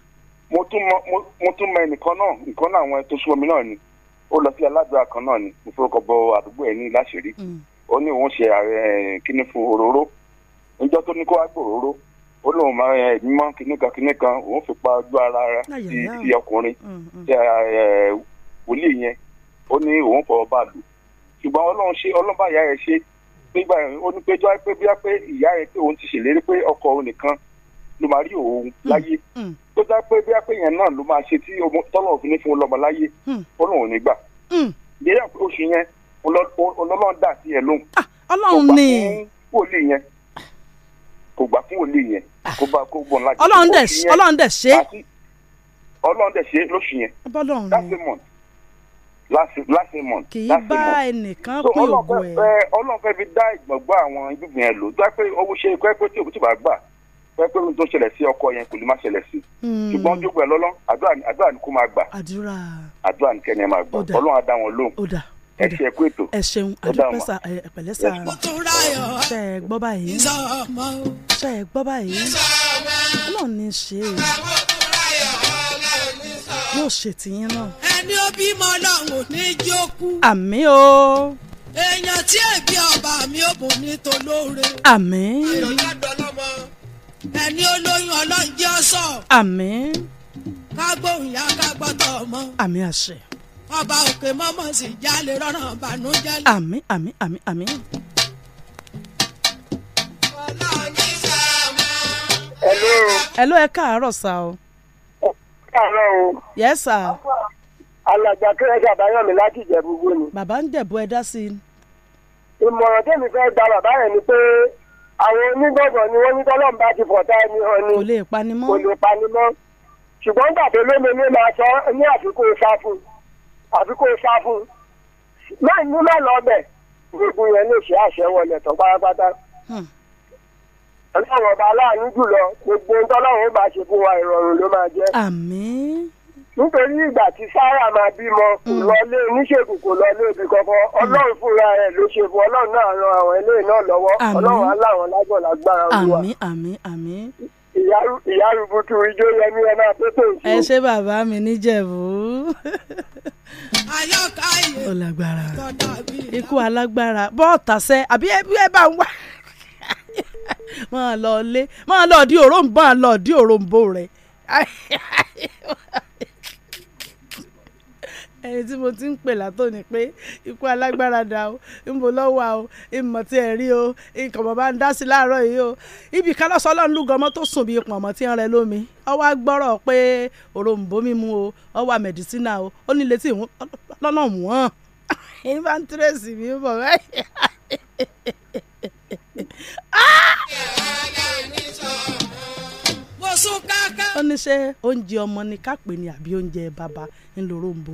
mo tún mọ ẹnìkan náà nǹkan náà àwọn tó súnmọ́ mi náà ni ó lọ sí aládùúgbò kan náà ni mo forúkọ bọ àdúgbò ẹ̀ ní láṣìírí hmm. ó ní òun ṣe ààrẹ eh, kíní fún òróró níjọ́ tó ní kó wá gbòòróró ó lóun máa ń mímọ́ eh, kínníkan kínníkan òun fi pa ojú ara rẹ̀ sí ọkùnrin mm, mm. tí eh, eh, wòlíì yẹn ó ní òun fọwọ́ bá lò ṣùgbọ́n ọlọ́run ṣe ọlọ́ba ìyá rẹ̀ ṣe nígbà ó ní pé jọ́ pé bíyá pé ìyá rẹ̀ pé òun ti ṣèlérí pé ọkọ òun nìkan ló máa rí òun mm, láyé tó jẹ́ pé bíyá pé yẹn náà ló máa ṣe tí tọ́lọ̀ òfin ní fún un lọ́mọ láyé ó lóun ò ní gbà ìyá oṣù yẹn ọlọ́run dà sí ẹ̀ lóhùn ah, ọlọ́run ni wòlíì yẹn kò gbà fún òlé yẹn ah. kó bá kó bọ̀ ńlá jẹ́ ṣe ọlọ́run ṣe ọlọ́run ṣe lóṣù yẹn that's a month last last month kì í bá ẹnìkan pé ògo ẹ. ọlọ́run fẹ́ fi dá ìgbàgbọ́ àwọn ibùgbìn yẹn lò tó pé owó ṣe kọ́ ẹ pé tí òkú bá gbà pé pé ohun tó ṣẹlẹ̀ sí ọkọ yẹn kò lè má ṣẹlẹ̀ sí. Hmm. ṣùgbọ́n ojú pẹ̀lú ọlọ́run àdúrà ni kó máa gbà àdúrà ni kẹ́ni ẹ máa gbà ọlọ́run á dá wọn lóhùn ẹ ṣe ẹkú ètò ẹ ṣeun àdúpẹ́ sa. ẹ pẹ̀lẹ́ sà ṣe ẹ gbọ́ báyìí ṣe ẹ gbọ́ báyìí náà ní ṣe é yóò ṣe tìyín náà. ẹni ó bímọ lọ́hùn ní jókù. àmì o. èèyàn tí èbí ọba mi ò bùn ní tolóore. àmì. àyọ̀ká dọ́lọ́mọ ẹni olóyún ọlọ́njẹ́ ọ̀sán. àmì. ká gbóhùn yá ká gbọ́tọ̀ ọmọ. àmì àṣẹ ọba òkè mọ́mọ́ sì jálè rọ́nà ìbànújẹ́. àmín àmín àmín àmín. hello. hello ẹ káàárọ̀ sá o. káàárọ̀ o. yes sá. alàgbà kẹrẹsì àbáyọmí láti ìjẹ̀bú wo ni. bàbá ń jẹ̀bú ẹ dá sí i. ìmọ̀ràn tèmi fẹ́ gba bàbá yẹn ni pé àwọn onígbọ̀gbọ̀ ni wọ́n ní tọ́lọ́mùbá ti fọ̀tá ẹni hàn ni. kò lè panimọ́. kò lè panimọ́. ṣùgbọ́n gbàdé lómi ní máa sọ ní àfikún ìfàfún àbí kó sá fún máa ní má lọ bẹ̀ gbogbo yẹn lè ṣe àṣẹ wọlé tán pátápátá. Hmm. ọlọ́run ọba aláàánú jùlọ gbogbo ohun tọ́lọ́run bá ṣe fún wa ìrọ̀rùn ló máa jẹ́. àmín. nítorí ìgbà tí sára máa bímọ kò hmm. lọlé oníṣègùn kò lọlé ibi kankan hmm. ọlọ́run fúnra ẹ̀ ló ṣe fún ọlọ́run náà ran àwọn eléyìí náà lọ́wọ́ ọlọ́run aláwọn lágbọ̀n lágbára olúwa. àmín àmín àmín ìyá rúbutu ijó yẹmí ẹ máa tètè ìṣó. ẹ ṣe bàbá mi níjẹ̀bú. ó lágbára ikú alágbára bọ́ọ̀tà sẹ́ àbí ẹ bá ń wá máa lọ lé máa lọ di òróǹbó máa lọ di òróǹbó rẹ ẹni tí mo ti ń pè látò ní pé ikú alágbára dà o ń lọ́wọ́ o ìmọ̀ tí ẹ̀ rí o nǹkan bàbá ń dá sí láàárọ̀ yìí o ibì kan lọ́sọ̀ ọlọ́run lúgọ ọmọ tó sùn bí pọ̀nmọ́ tí ń rẹ lómi ọwọ́ agbọ́rọ̀ pé òrombó mímu o ọwọ́ mẹ̀dísínà o ó nílé tí lọ́nà wọ́n ẹni mi bọ̀ báyìí. (laughs) Ah! ní ṣé oúnjẹ ọmọ ni ká pè ní àbí oúnjẹ bàbá ńlọrọmbó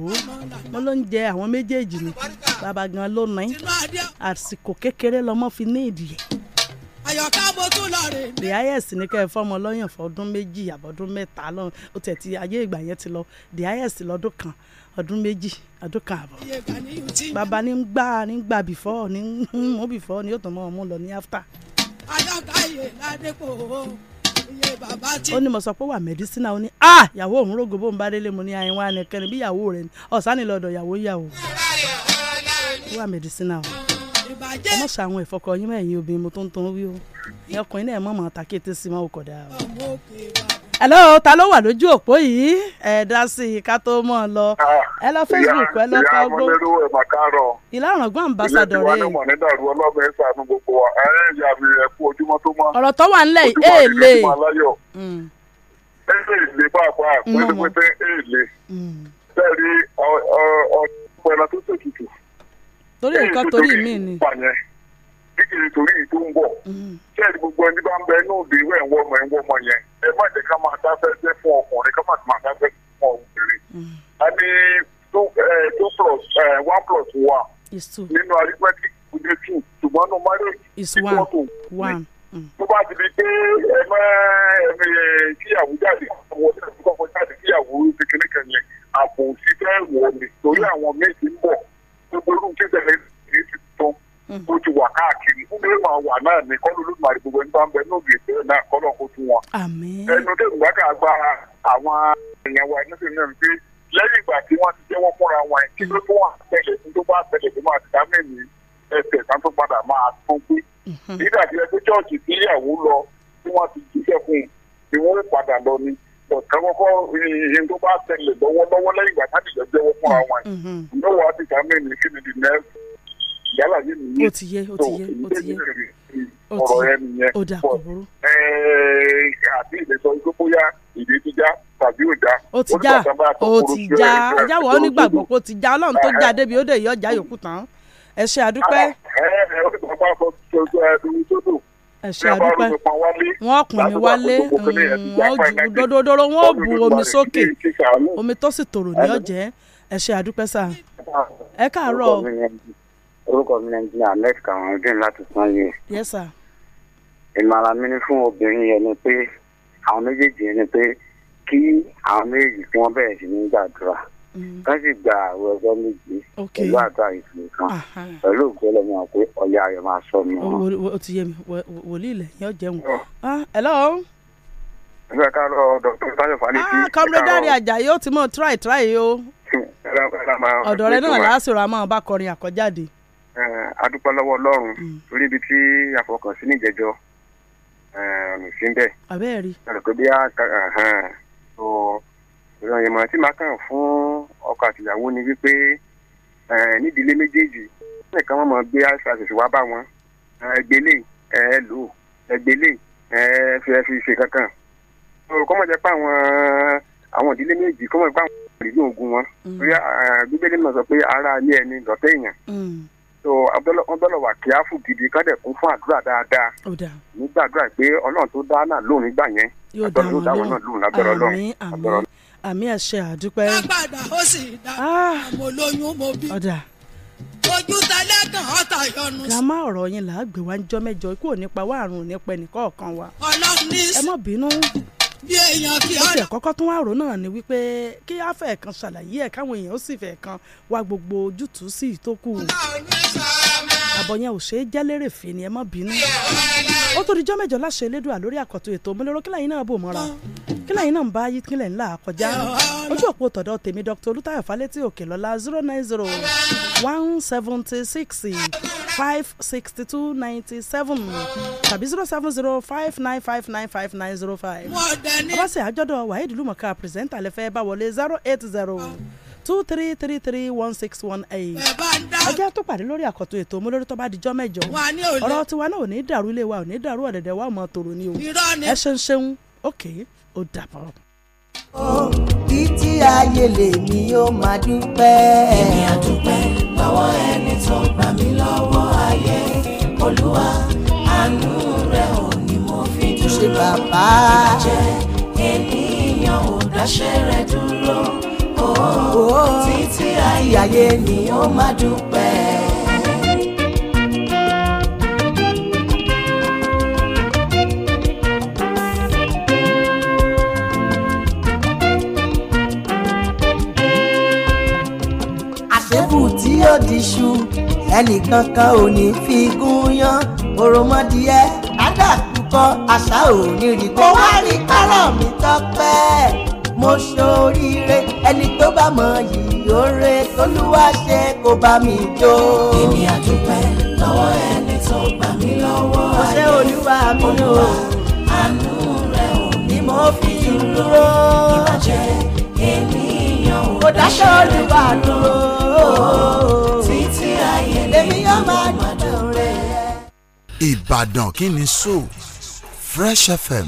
wọn ló ń jẹ àwọn méjèèjì ni bàbá gan ló ní àsìkò kékeré lọmọ fi ní ìdíyẹ àyọ̀ká mo tún lọ rè mí. dìáyẹ̀sì ní kẹ́ ẹ fọ́mọ lọ́yàn fọdún méjì àbọ̀dún mẹ́ta lọ́n ó tẹ̀ ti ayé ìgbà yẹn ti lọ dìáyẹ̀sì lọ́dún kan ọdún méjì ọdún kan àbọ̀. bàbá ní ń gbà ní ń gbà bìfọ́ ní ń mú bìfọ́ ní ó tún mọ́ ọmú lọ ní áfítà. àyọ̀ká yè ládépò o ó ní mo sọ pé wà mẹ́dísínà ó ní ah ìyàwó òun rògbò bó ń bá délé mu ní àyìn wa nìkẹ́ni bí ìyàwó rẹ̀ ni ọ̀sán nílò ọ̀dọ̀ ìyàwó ìyàwó wà mẹ́dísínà o ẹ mọ̀ ṣàwọn ìfọkọyín mẹ́yìn obìnrin mo tó ń tó ń wí o ẹ̀kùnrin náà mọ̀ mọ̀ àtàkété sí mọ́ òkọ̀dá o hello ta ló wà lójú òpó yìí ẹ dá sí i ká tó mọ ọ lọ ah, ẹ lọ facebook ẹ lọ ká gbó ìlànà gbọ́n rẹ. ọ̀rọ̀ tó wà nílẹ̀ yìí ẹ̀ lè. ẹ̀ lè pàápàá mm, pẹ́ẹ́pẹ́ẹ́ ẹ̀ lè. Mm. bẹ́ẹ̀ ni ọ̀pọ̀ ẹ̀rọ tó ṣètùtù. torí nǹkan torí mi ni kíkiri torí ìtò ń bọ̀ mm. ṣẹ́ẹ̀dì gbogbo ẹni bá ń bẹ inú òde ìwé ẹ̀wọ́ ọmọ ẹ̀wọ́ ọmọ yẹn ẹ má jẹ́ ká máa dáfẹ́fẹ́ fún ọkùnrin ká má máa dáfẹ́fẹ́ fún ọkùnrin mm. a ní two eh, plus eh, one plus one nínú arithmetic kùdé two ṣùgbọ́n nínú marriage equal to one mm. tó bá ti di pé ẹ má ẹ̀mí kíyàwó jáde àwọn ọ̀sẹ̀ tó kọ́kọ́ jáde kíyàwó ti kíní kan yẹn àpò òsì fẹ́ wọ̀ ni torí àwọn méjì ń bọ̀ gbogbo orúkẹ́ tẹ̀lé ti ó ti wà káàkiri fún mi máa wà náà ní kọ́ lólu màrí gbogbo ẹni bá ń bẹ ní òbí ètò náà kọ́ lọ́ kó fún wọn. ẹnu tó ìgbà kà gba àwọn èèyàn wa nítorí náà pé lẹ́yìn ìgbà tí wọ́n ti jẹ́wọ́ fúnra wọn kí ló tó wà tẹ̀lé fún tó bá tẹ̀lé fún àti dámẹ́ni ẹsẹ̀ kan tó padà máa tún pé. Mhm. nígbà tí ẹgbẹ́ chọ́ọ̀chì tí ìyàwó lọ tí wọ́n ti jíṣẹ́ fún un tí wọ́n padà lọ ni ọ̀kan kọ́kọ́ ìyẹn tó bá tẹ̀lé lọ́wọ́lọ́wọ́ lẹ́yìn ìgbà tá yálà yé mi yé. ó ti yé ó ti yé ó ti yé ọ̀rọ̀ ẹ nìyẹn. ó dà kò burú. àti ìlẹsọ ikú bóyá ìdí ti já tàbí ò já. ó ti já ó ti já ajá wọ́n nígbàgbọ́ pé ó ti já ọlọ́run tó já eh, eh. débi ó dé yọ ọjà yòókù tán ẹ ṣe àdúpẹ́. Ah, eh, ẹ ṣe àdúpẹ́ wọ́n ọkùn mi wálé dòdòdòdò wọ́n bu omi sókè omi tó sì tòrò ní ọ̀jẹ́ ẹ ṣe àdúpẹ́ sáà ẹ káàárọ̀ orúkọ mi ni ahmed kamaldin láti sanye. yes sir. ìmọ̀ràn mi ni fún obìnrin yẹn ni pé àwọn méjèèjì yẹn ni pé kí àwọn méjèèjì tí wọ́n bẹ̀rẹ̀ sí ní gbàdúrà ká mm-hmm. sì gba àwọn ẹgbẹ́ méjì pẹ̀lú àdúrà ìfìlẹ̀ kan pẹ̀lú ògbẹ́lẹ̀ mi àpé ọ̀yà rẹ̀ máa sọ mi. o ti yé mi wòlíì ilẹ̀ yóò jẹun. Oh. Ah, hello. ẹgbẹ́ ká lọ dr tayo falẹ́tì. Ah, comrade dari ajayi ó ti mọ̀ try try o. (laughs) ọ̀dọ̀ rẹ náà lásìrò a máa bá kọrin àkọ́jáde. Eh, adúpẹ́ lọ́wọ́ ọlọ́run mm. torí ibi tí àfọkànsí níjẹ̀jọ ọ̀nà sí eh, bẹ́ẹ̀. àbẹ́ẹ̀ rí. ọ̀rọ̀ pé bí a so ìran ìmọ̀ràn tí màá kàn fún ọkọ àtìyàwó ni wípé eh, nídìílé méjèèjì nìkan wọn mọ̀ gbé àṣàṣìṣì wá bá wọn ẹgbẹ́lé ẹ lò ẹgbẹ́lé ẹ fi ẹ fi ṣe kankan. kọ́ mọ̀ jẹ́ pé àwọn àwọn ìdílé méjì kọ́ mọ̀ jẹ́ pé àwọn ìdílé ògùn wọn. gbígbélé mm. náà sọ pé ara ilé ẹni lọ́tẹ̀ èèyàn. Mm. so ọgbọ́lọ̀wà kí á fún gidi ká dẹ̀ kún fún àdúrà dáadáa nígbàdúrà pé ọlọ́run tó dá náà lóun nígbà yẹn àtọ́ni tó dáwọn náà lóun àmì àṣẹ àdúpẹ́. ó sì dá ah. mo lóyún mo bí ojú tẹlẹ́gàn ọ̀tá yọnu. grandma ọ̀rọ̀ yẹn là á gbé wa ń jọ́ mẹ́jọ nípa wàrùn wa. ọlọ́run ẹ bínú. bí èèyàn kí kọ́kọ́ tó wá rò náà ni wípé kí á kan ṣàlàyé ẹ̀ káwọn èèyàn ó sì fẹ́ kan wá gbogbo ojútùú sí ìtókù. ọ̀la ò ní sọ àbọ̀ ò ṣeé jẹ́ lérè fè ni ẹ má bínú ó tó di jọ́ mẹ́jọ láṣẹ elédùà lórí àkọ́tún ètò òmìnira kílàyìn náà bò mọ́ra kílàyìn náà ń bá yí kílẹ̀ ńlá kọjá ojú òpó tọ̀dọ̀ tèmi Dr. Olútáyọ̀ Fálétí Òkèlọ́lá zero nine zero one seventy six five sixty two ninety seven tàbí zero seven zero five nine five nine five nine zero five ọbàṣẹ àjọ̀dọ̀ wàhídìlúmọ̀ká pírẹsẹ̀ntà lẹ́fẹ̀ẹ́ bá wọlé zero eight zero two three three three one six one eight. ajá tó pàdé lórí àkọ́tún ètò omolórí tó bá dijọ́ mẹ́jọ ọ̀rọ̀ tiwa náà ò ní dàrú ilé wa ò ní dàrú ọ̀dẹ̀dẹ̀ wa ò mọ̀ tòrò ni o ẹ ṣeun ṣeun ókè ó dàbọ̀. títí ayé lèmi yóò máa dúpẹ́. èmi á lọ́wọ́ ẹni tó gbà mí lọ́wọ́ ayé olúwa àánú rẹ̀ ò ní mo fi dúró. ṣe bàbá. ìbàjẹ́ ènìyàn ò dáṣẹ́ rẹ̀ dúró títí ayáyé ni ó máa dúpẹ́. àṣẹ́bù tí ó di ṣu ẹnìkankan ò ní fi gún yán òròmọdìẹ ádàkùkọ àṣà ò ní rí kó wá rí kárọ̀ mi tọ́pẹ́ mo ṣoríire ẹni tó bá mọ yìí oore tolúwa ṣe kó bá mi jó. èmi àdúpẹ́ lọ́wọ́ ẹni tó gbà mí lọ́wọ́ ayé ọṣẹ́ olúwa mi ò àánú rẹ̀ ò ní mo fi dúró ìbàjẹ́ ènìyàn ò kò dáṣẹ́ olúwa dúró Ìbàdàn kí ni so Fresh FM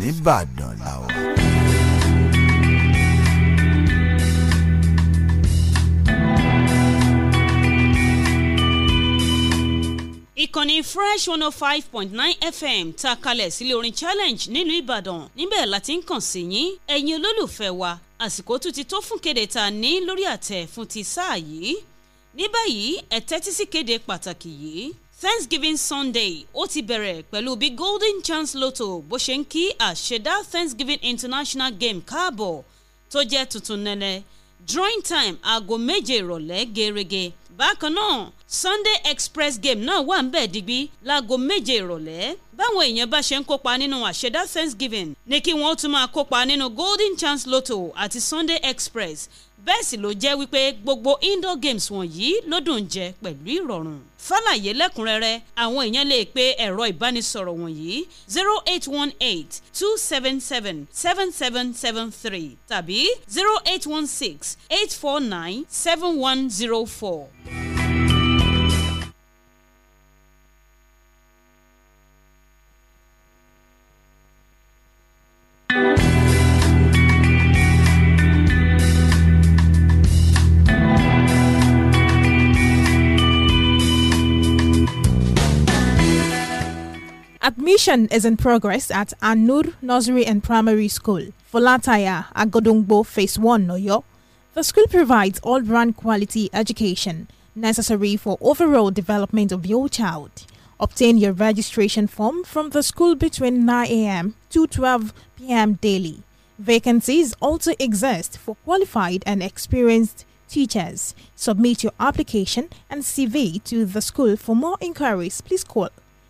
nìbàdàn làwọn. ìkànnì fresh one oh five point nine fm ta kalẹ̀ sílé orin challenge nílùú ìbàdàn níbẹ̀ láti ń kàn sí yín ẹ̀yin olólùfẹ́ wa àsìkò tún ti tó fún kéde ta ní lórí àtẹ̀ fún ti sáà yìí ní báyìí ẹ sí kéde pàtàkì yìí thanksgiving sunday ó ti bẹ̀rẹ̀ pẹ̀lú bí golden chance lotto bó ṣe ń kí àṣẹdá thanksgiving international game káàbọ̀ tó jẹ́ tuntun nẹ́nẹ́ drawing time aago méje ìrọ̀lẹ́ gẹ́rẹ́gẹ́ bákan náà Sunday Express game náà wà ń bẹ̀ digbí láago méje ìrọ̀lẹ́ báwọn èèyàn bá ṣe ń kópa nínú àṣẹdá Thanksgiving ni kí wọ́n tún máa kópa nínú Golden Chance Lotto àti Sunday Express bẹ́ẹ̀ sì ló jẹ́ wípé gbogbo indoor games wọ̀nyí ló dùn jẹ pẹ̀lú ìrọ̀rùn fàlàyé lẹ́kùnrẹ́rẹ́ àwọn èèyàn lè pe ẹ̀rọ ìbánisọ̀rọ̀ wọ̀nyí zero eight one eight two seven seven seven seven seven three tàbí zero eight one six eight four nine seven one zero four. Admission is in progress at Anur Nursery and Primary School, Volataya, Agodungbo, Phase 1, Noyo. The school provides all round quality education necessary for overall development of your child. Obtain your registration form from the school between 9 a.m. to 12 p.m. daily. Vacancies also exist for qualified and experienced teachers. Submit your application and CV to the school. For more inquiries, please call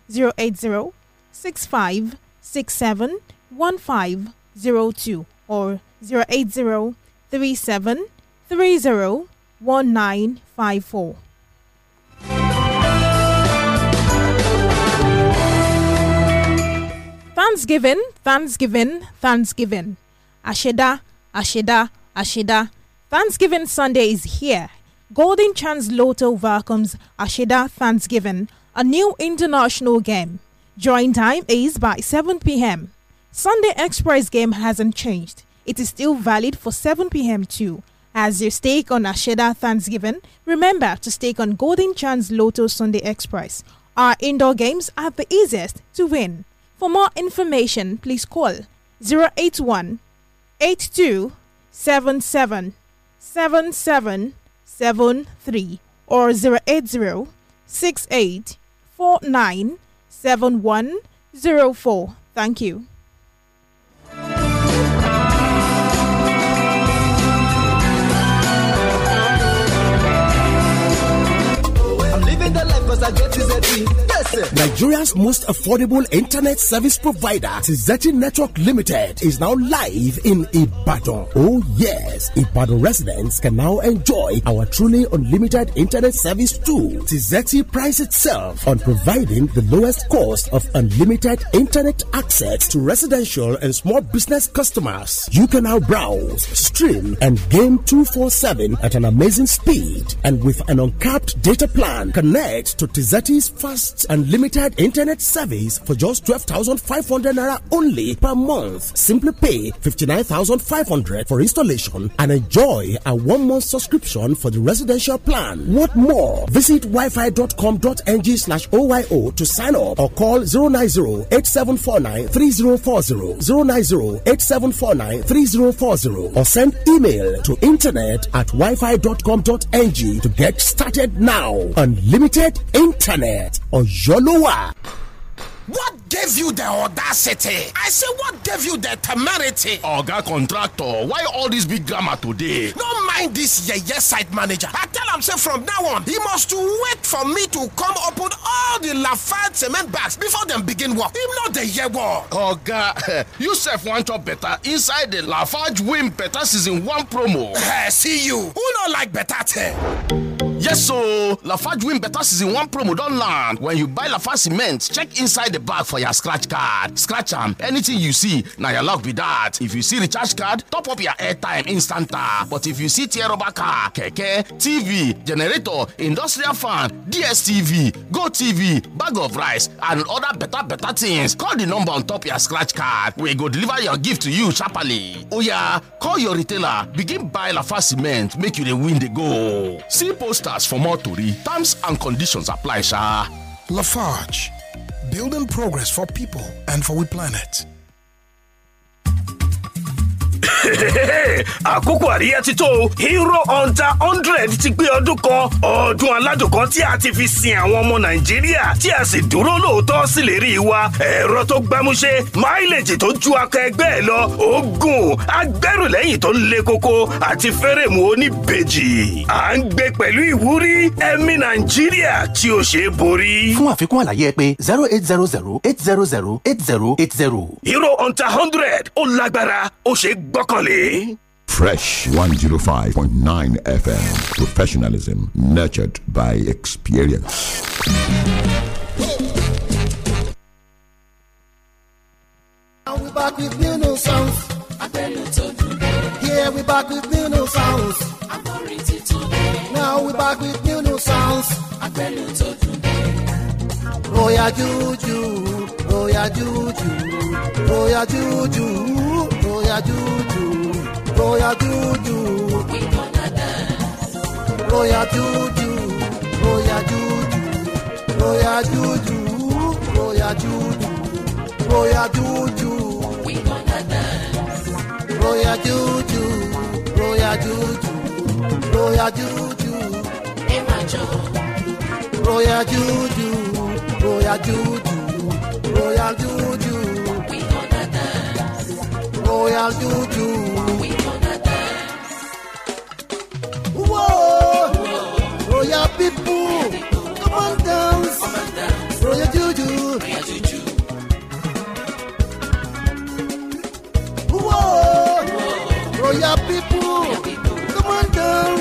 080 6567 1502 or 080 1954. Thanksgiving, Thanksgiving, Thanksgiving. Asheda, Asheda, Asheda. Thanksgiving Sunday is here. Golden Chance Lotto welcomes Asheda Thanksgiving, a new international game. Join time is by 7 p.m. Sunday Express game hasn't changed. It is still valid for 7 p.m. too. As you stake on Asheda Thanksgiving, remember to stake on Golden Chance Lotto Sunday Express. Our indoor games are the easiest to win. For more information, please call 081 7773 or 080 68 49 7104. Thank you. Nigeria's most affordable internet service provider, Tizeti Network Limited, is now live in Ibadan. Oh, yes, Ibadan residents can now enjoy our truly unlimited internet service too. Tizeti prides itself on providing the lowest cost of unlimited internet access to residential and small business customers. You can now browse, stream, and game 247 at an amazing speed and with an uncapped data plan. Connect to Tizeti's fast and limited internet service for just 12,500 naira only per month. Simply pay 59,500 for installation and enjoy a one month subscription for the residential plan. What more? Visit wifi.com.ng slash OYO to sign up or call 090 8749 3040 090 8749 3040 or send email to internet at wifi.com.ng to get started now. Unlimited internet internet ọ̀yọ́ ló wà. What gave you the audacity? I say, what gave you the temerity? Oga contractor, why all this big grammar today? Don't mind this yeye site manager. I tell him say from now on, he must wait for me to come open all the Lafayette cement bags before them begin work. He no dey hear war. (laughs) Oga, you sef wan chop better inside the Lafayette win better season one promo. (laughs) See you, who no like better thing? Yes, so Lafarge win better season one promo don't land. When you buy Lafarge cement, check inside the bag for your scratch card. Scratch am, anything you see, now your luck be that. If you see recharge card, top up your airtime instanta. But if you see tear rubber car, keke, TV, generator, industrial fan, DSTV, Go TV, bag of rice, and other better better things, call the number on top your scratch card. We go deliver your gift to you sharply. yeah, call your retailer, begin buy Lafarge cement, make you the win the go. See poster stars for more Tori. Terms and conditions apply, Sha Lafarge, building progress for people and for we planet. (laughs) àkókò àríyá ti tó o hero hunter hundred ti gbé ọdún kan ọdún aládùn kan tí a ti fi sin àwọn ọmọ nàìjíríà tí a sì dúró lóòótọ́ sílérí wa ẹ̀rọ tó gbámúṣé máìlèjì tó ju akọ ẹgbẹ́ ẹ lọ oògùn agbẹrùlẹ́yìn tó le koko àti fẹ́rẹ̀mù oníbejì à ń gbé pẹ̀lú ìwúrí ẹ̀mí nàìjíríà tí ó ṣe borí. fún àfikún àlàyé ẹ pé zero eight zero zero eight zero zero eight zero eight zero. hero hunter hundred ó lágbára ó ṣe gbọ́. gbọ́kànlé. Fresh 105.9 FM. Professionalism nurtured by experience. And we back with new new sounds. Abẹ́nu tó dùn dé. Here we back with new new sounds. Àkòrí titun dé. Now we back with new new sounds. Abẹ́nu tó dùn dé. Royal juju, royal juju, royal juju. Roya juju, roya juju. Roya juju, roya juju, roya juju, roya juju, roya juju. We gonna dance. Roya juju, roya juju, roya juju. Emma Jones. juju, roya juju, roya juju. royal juju.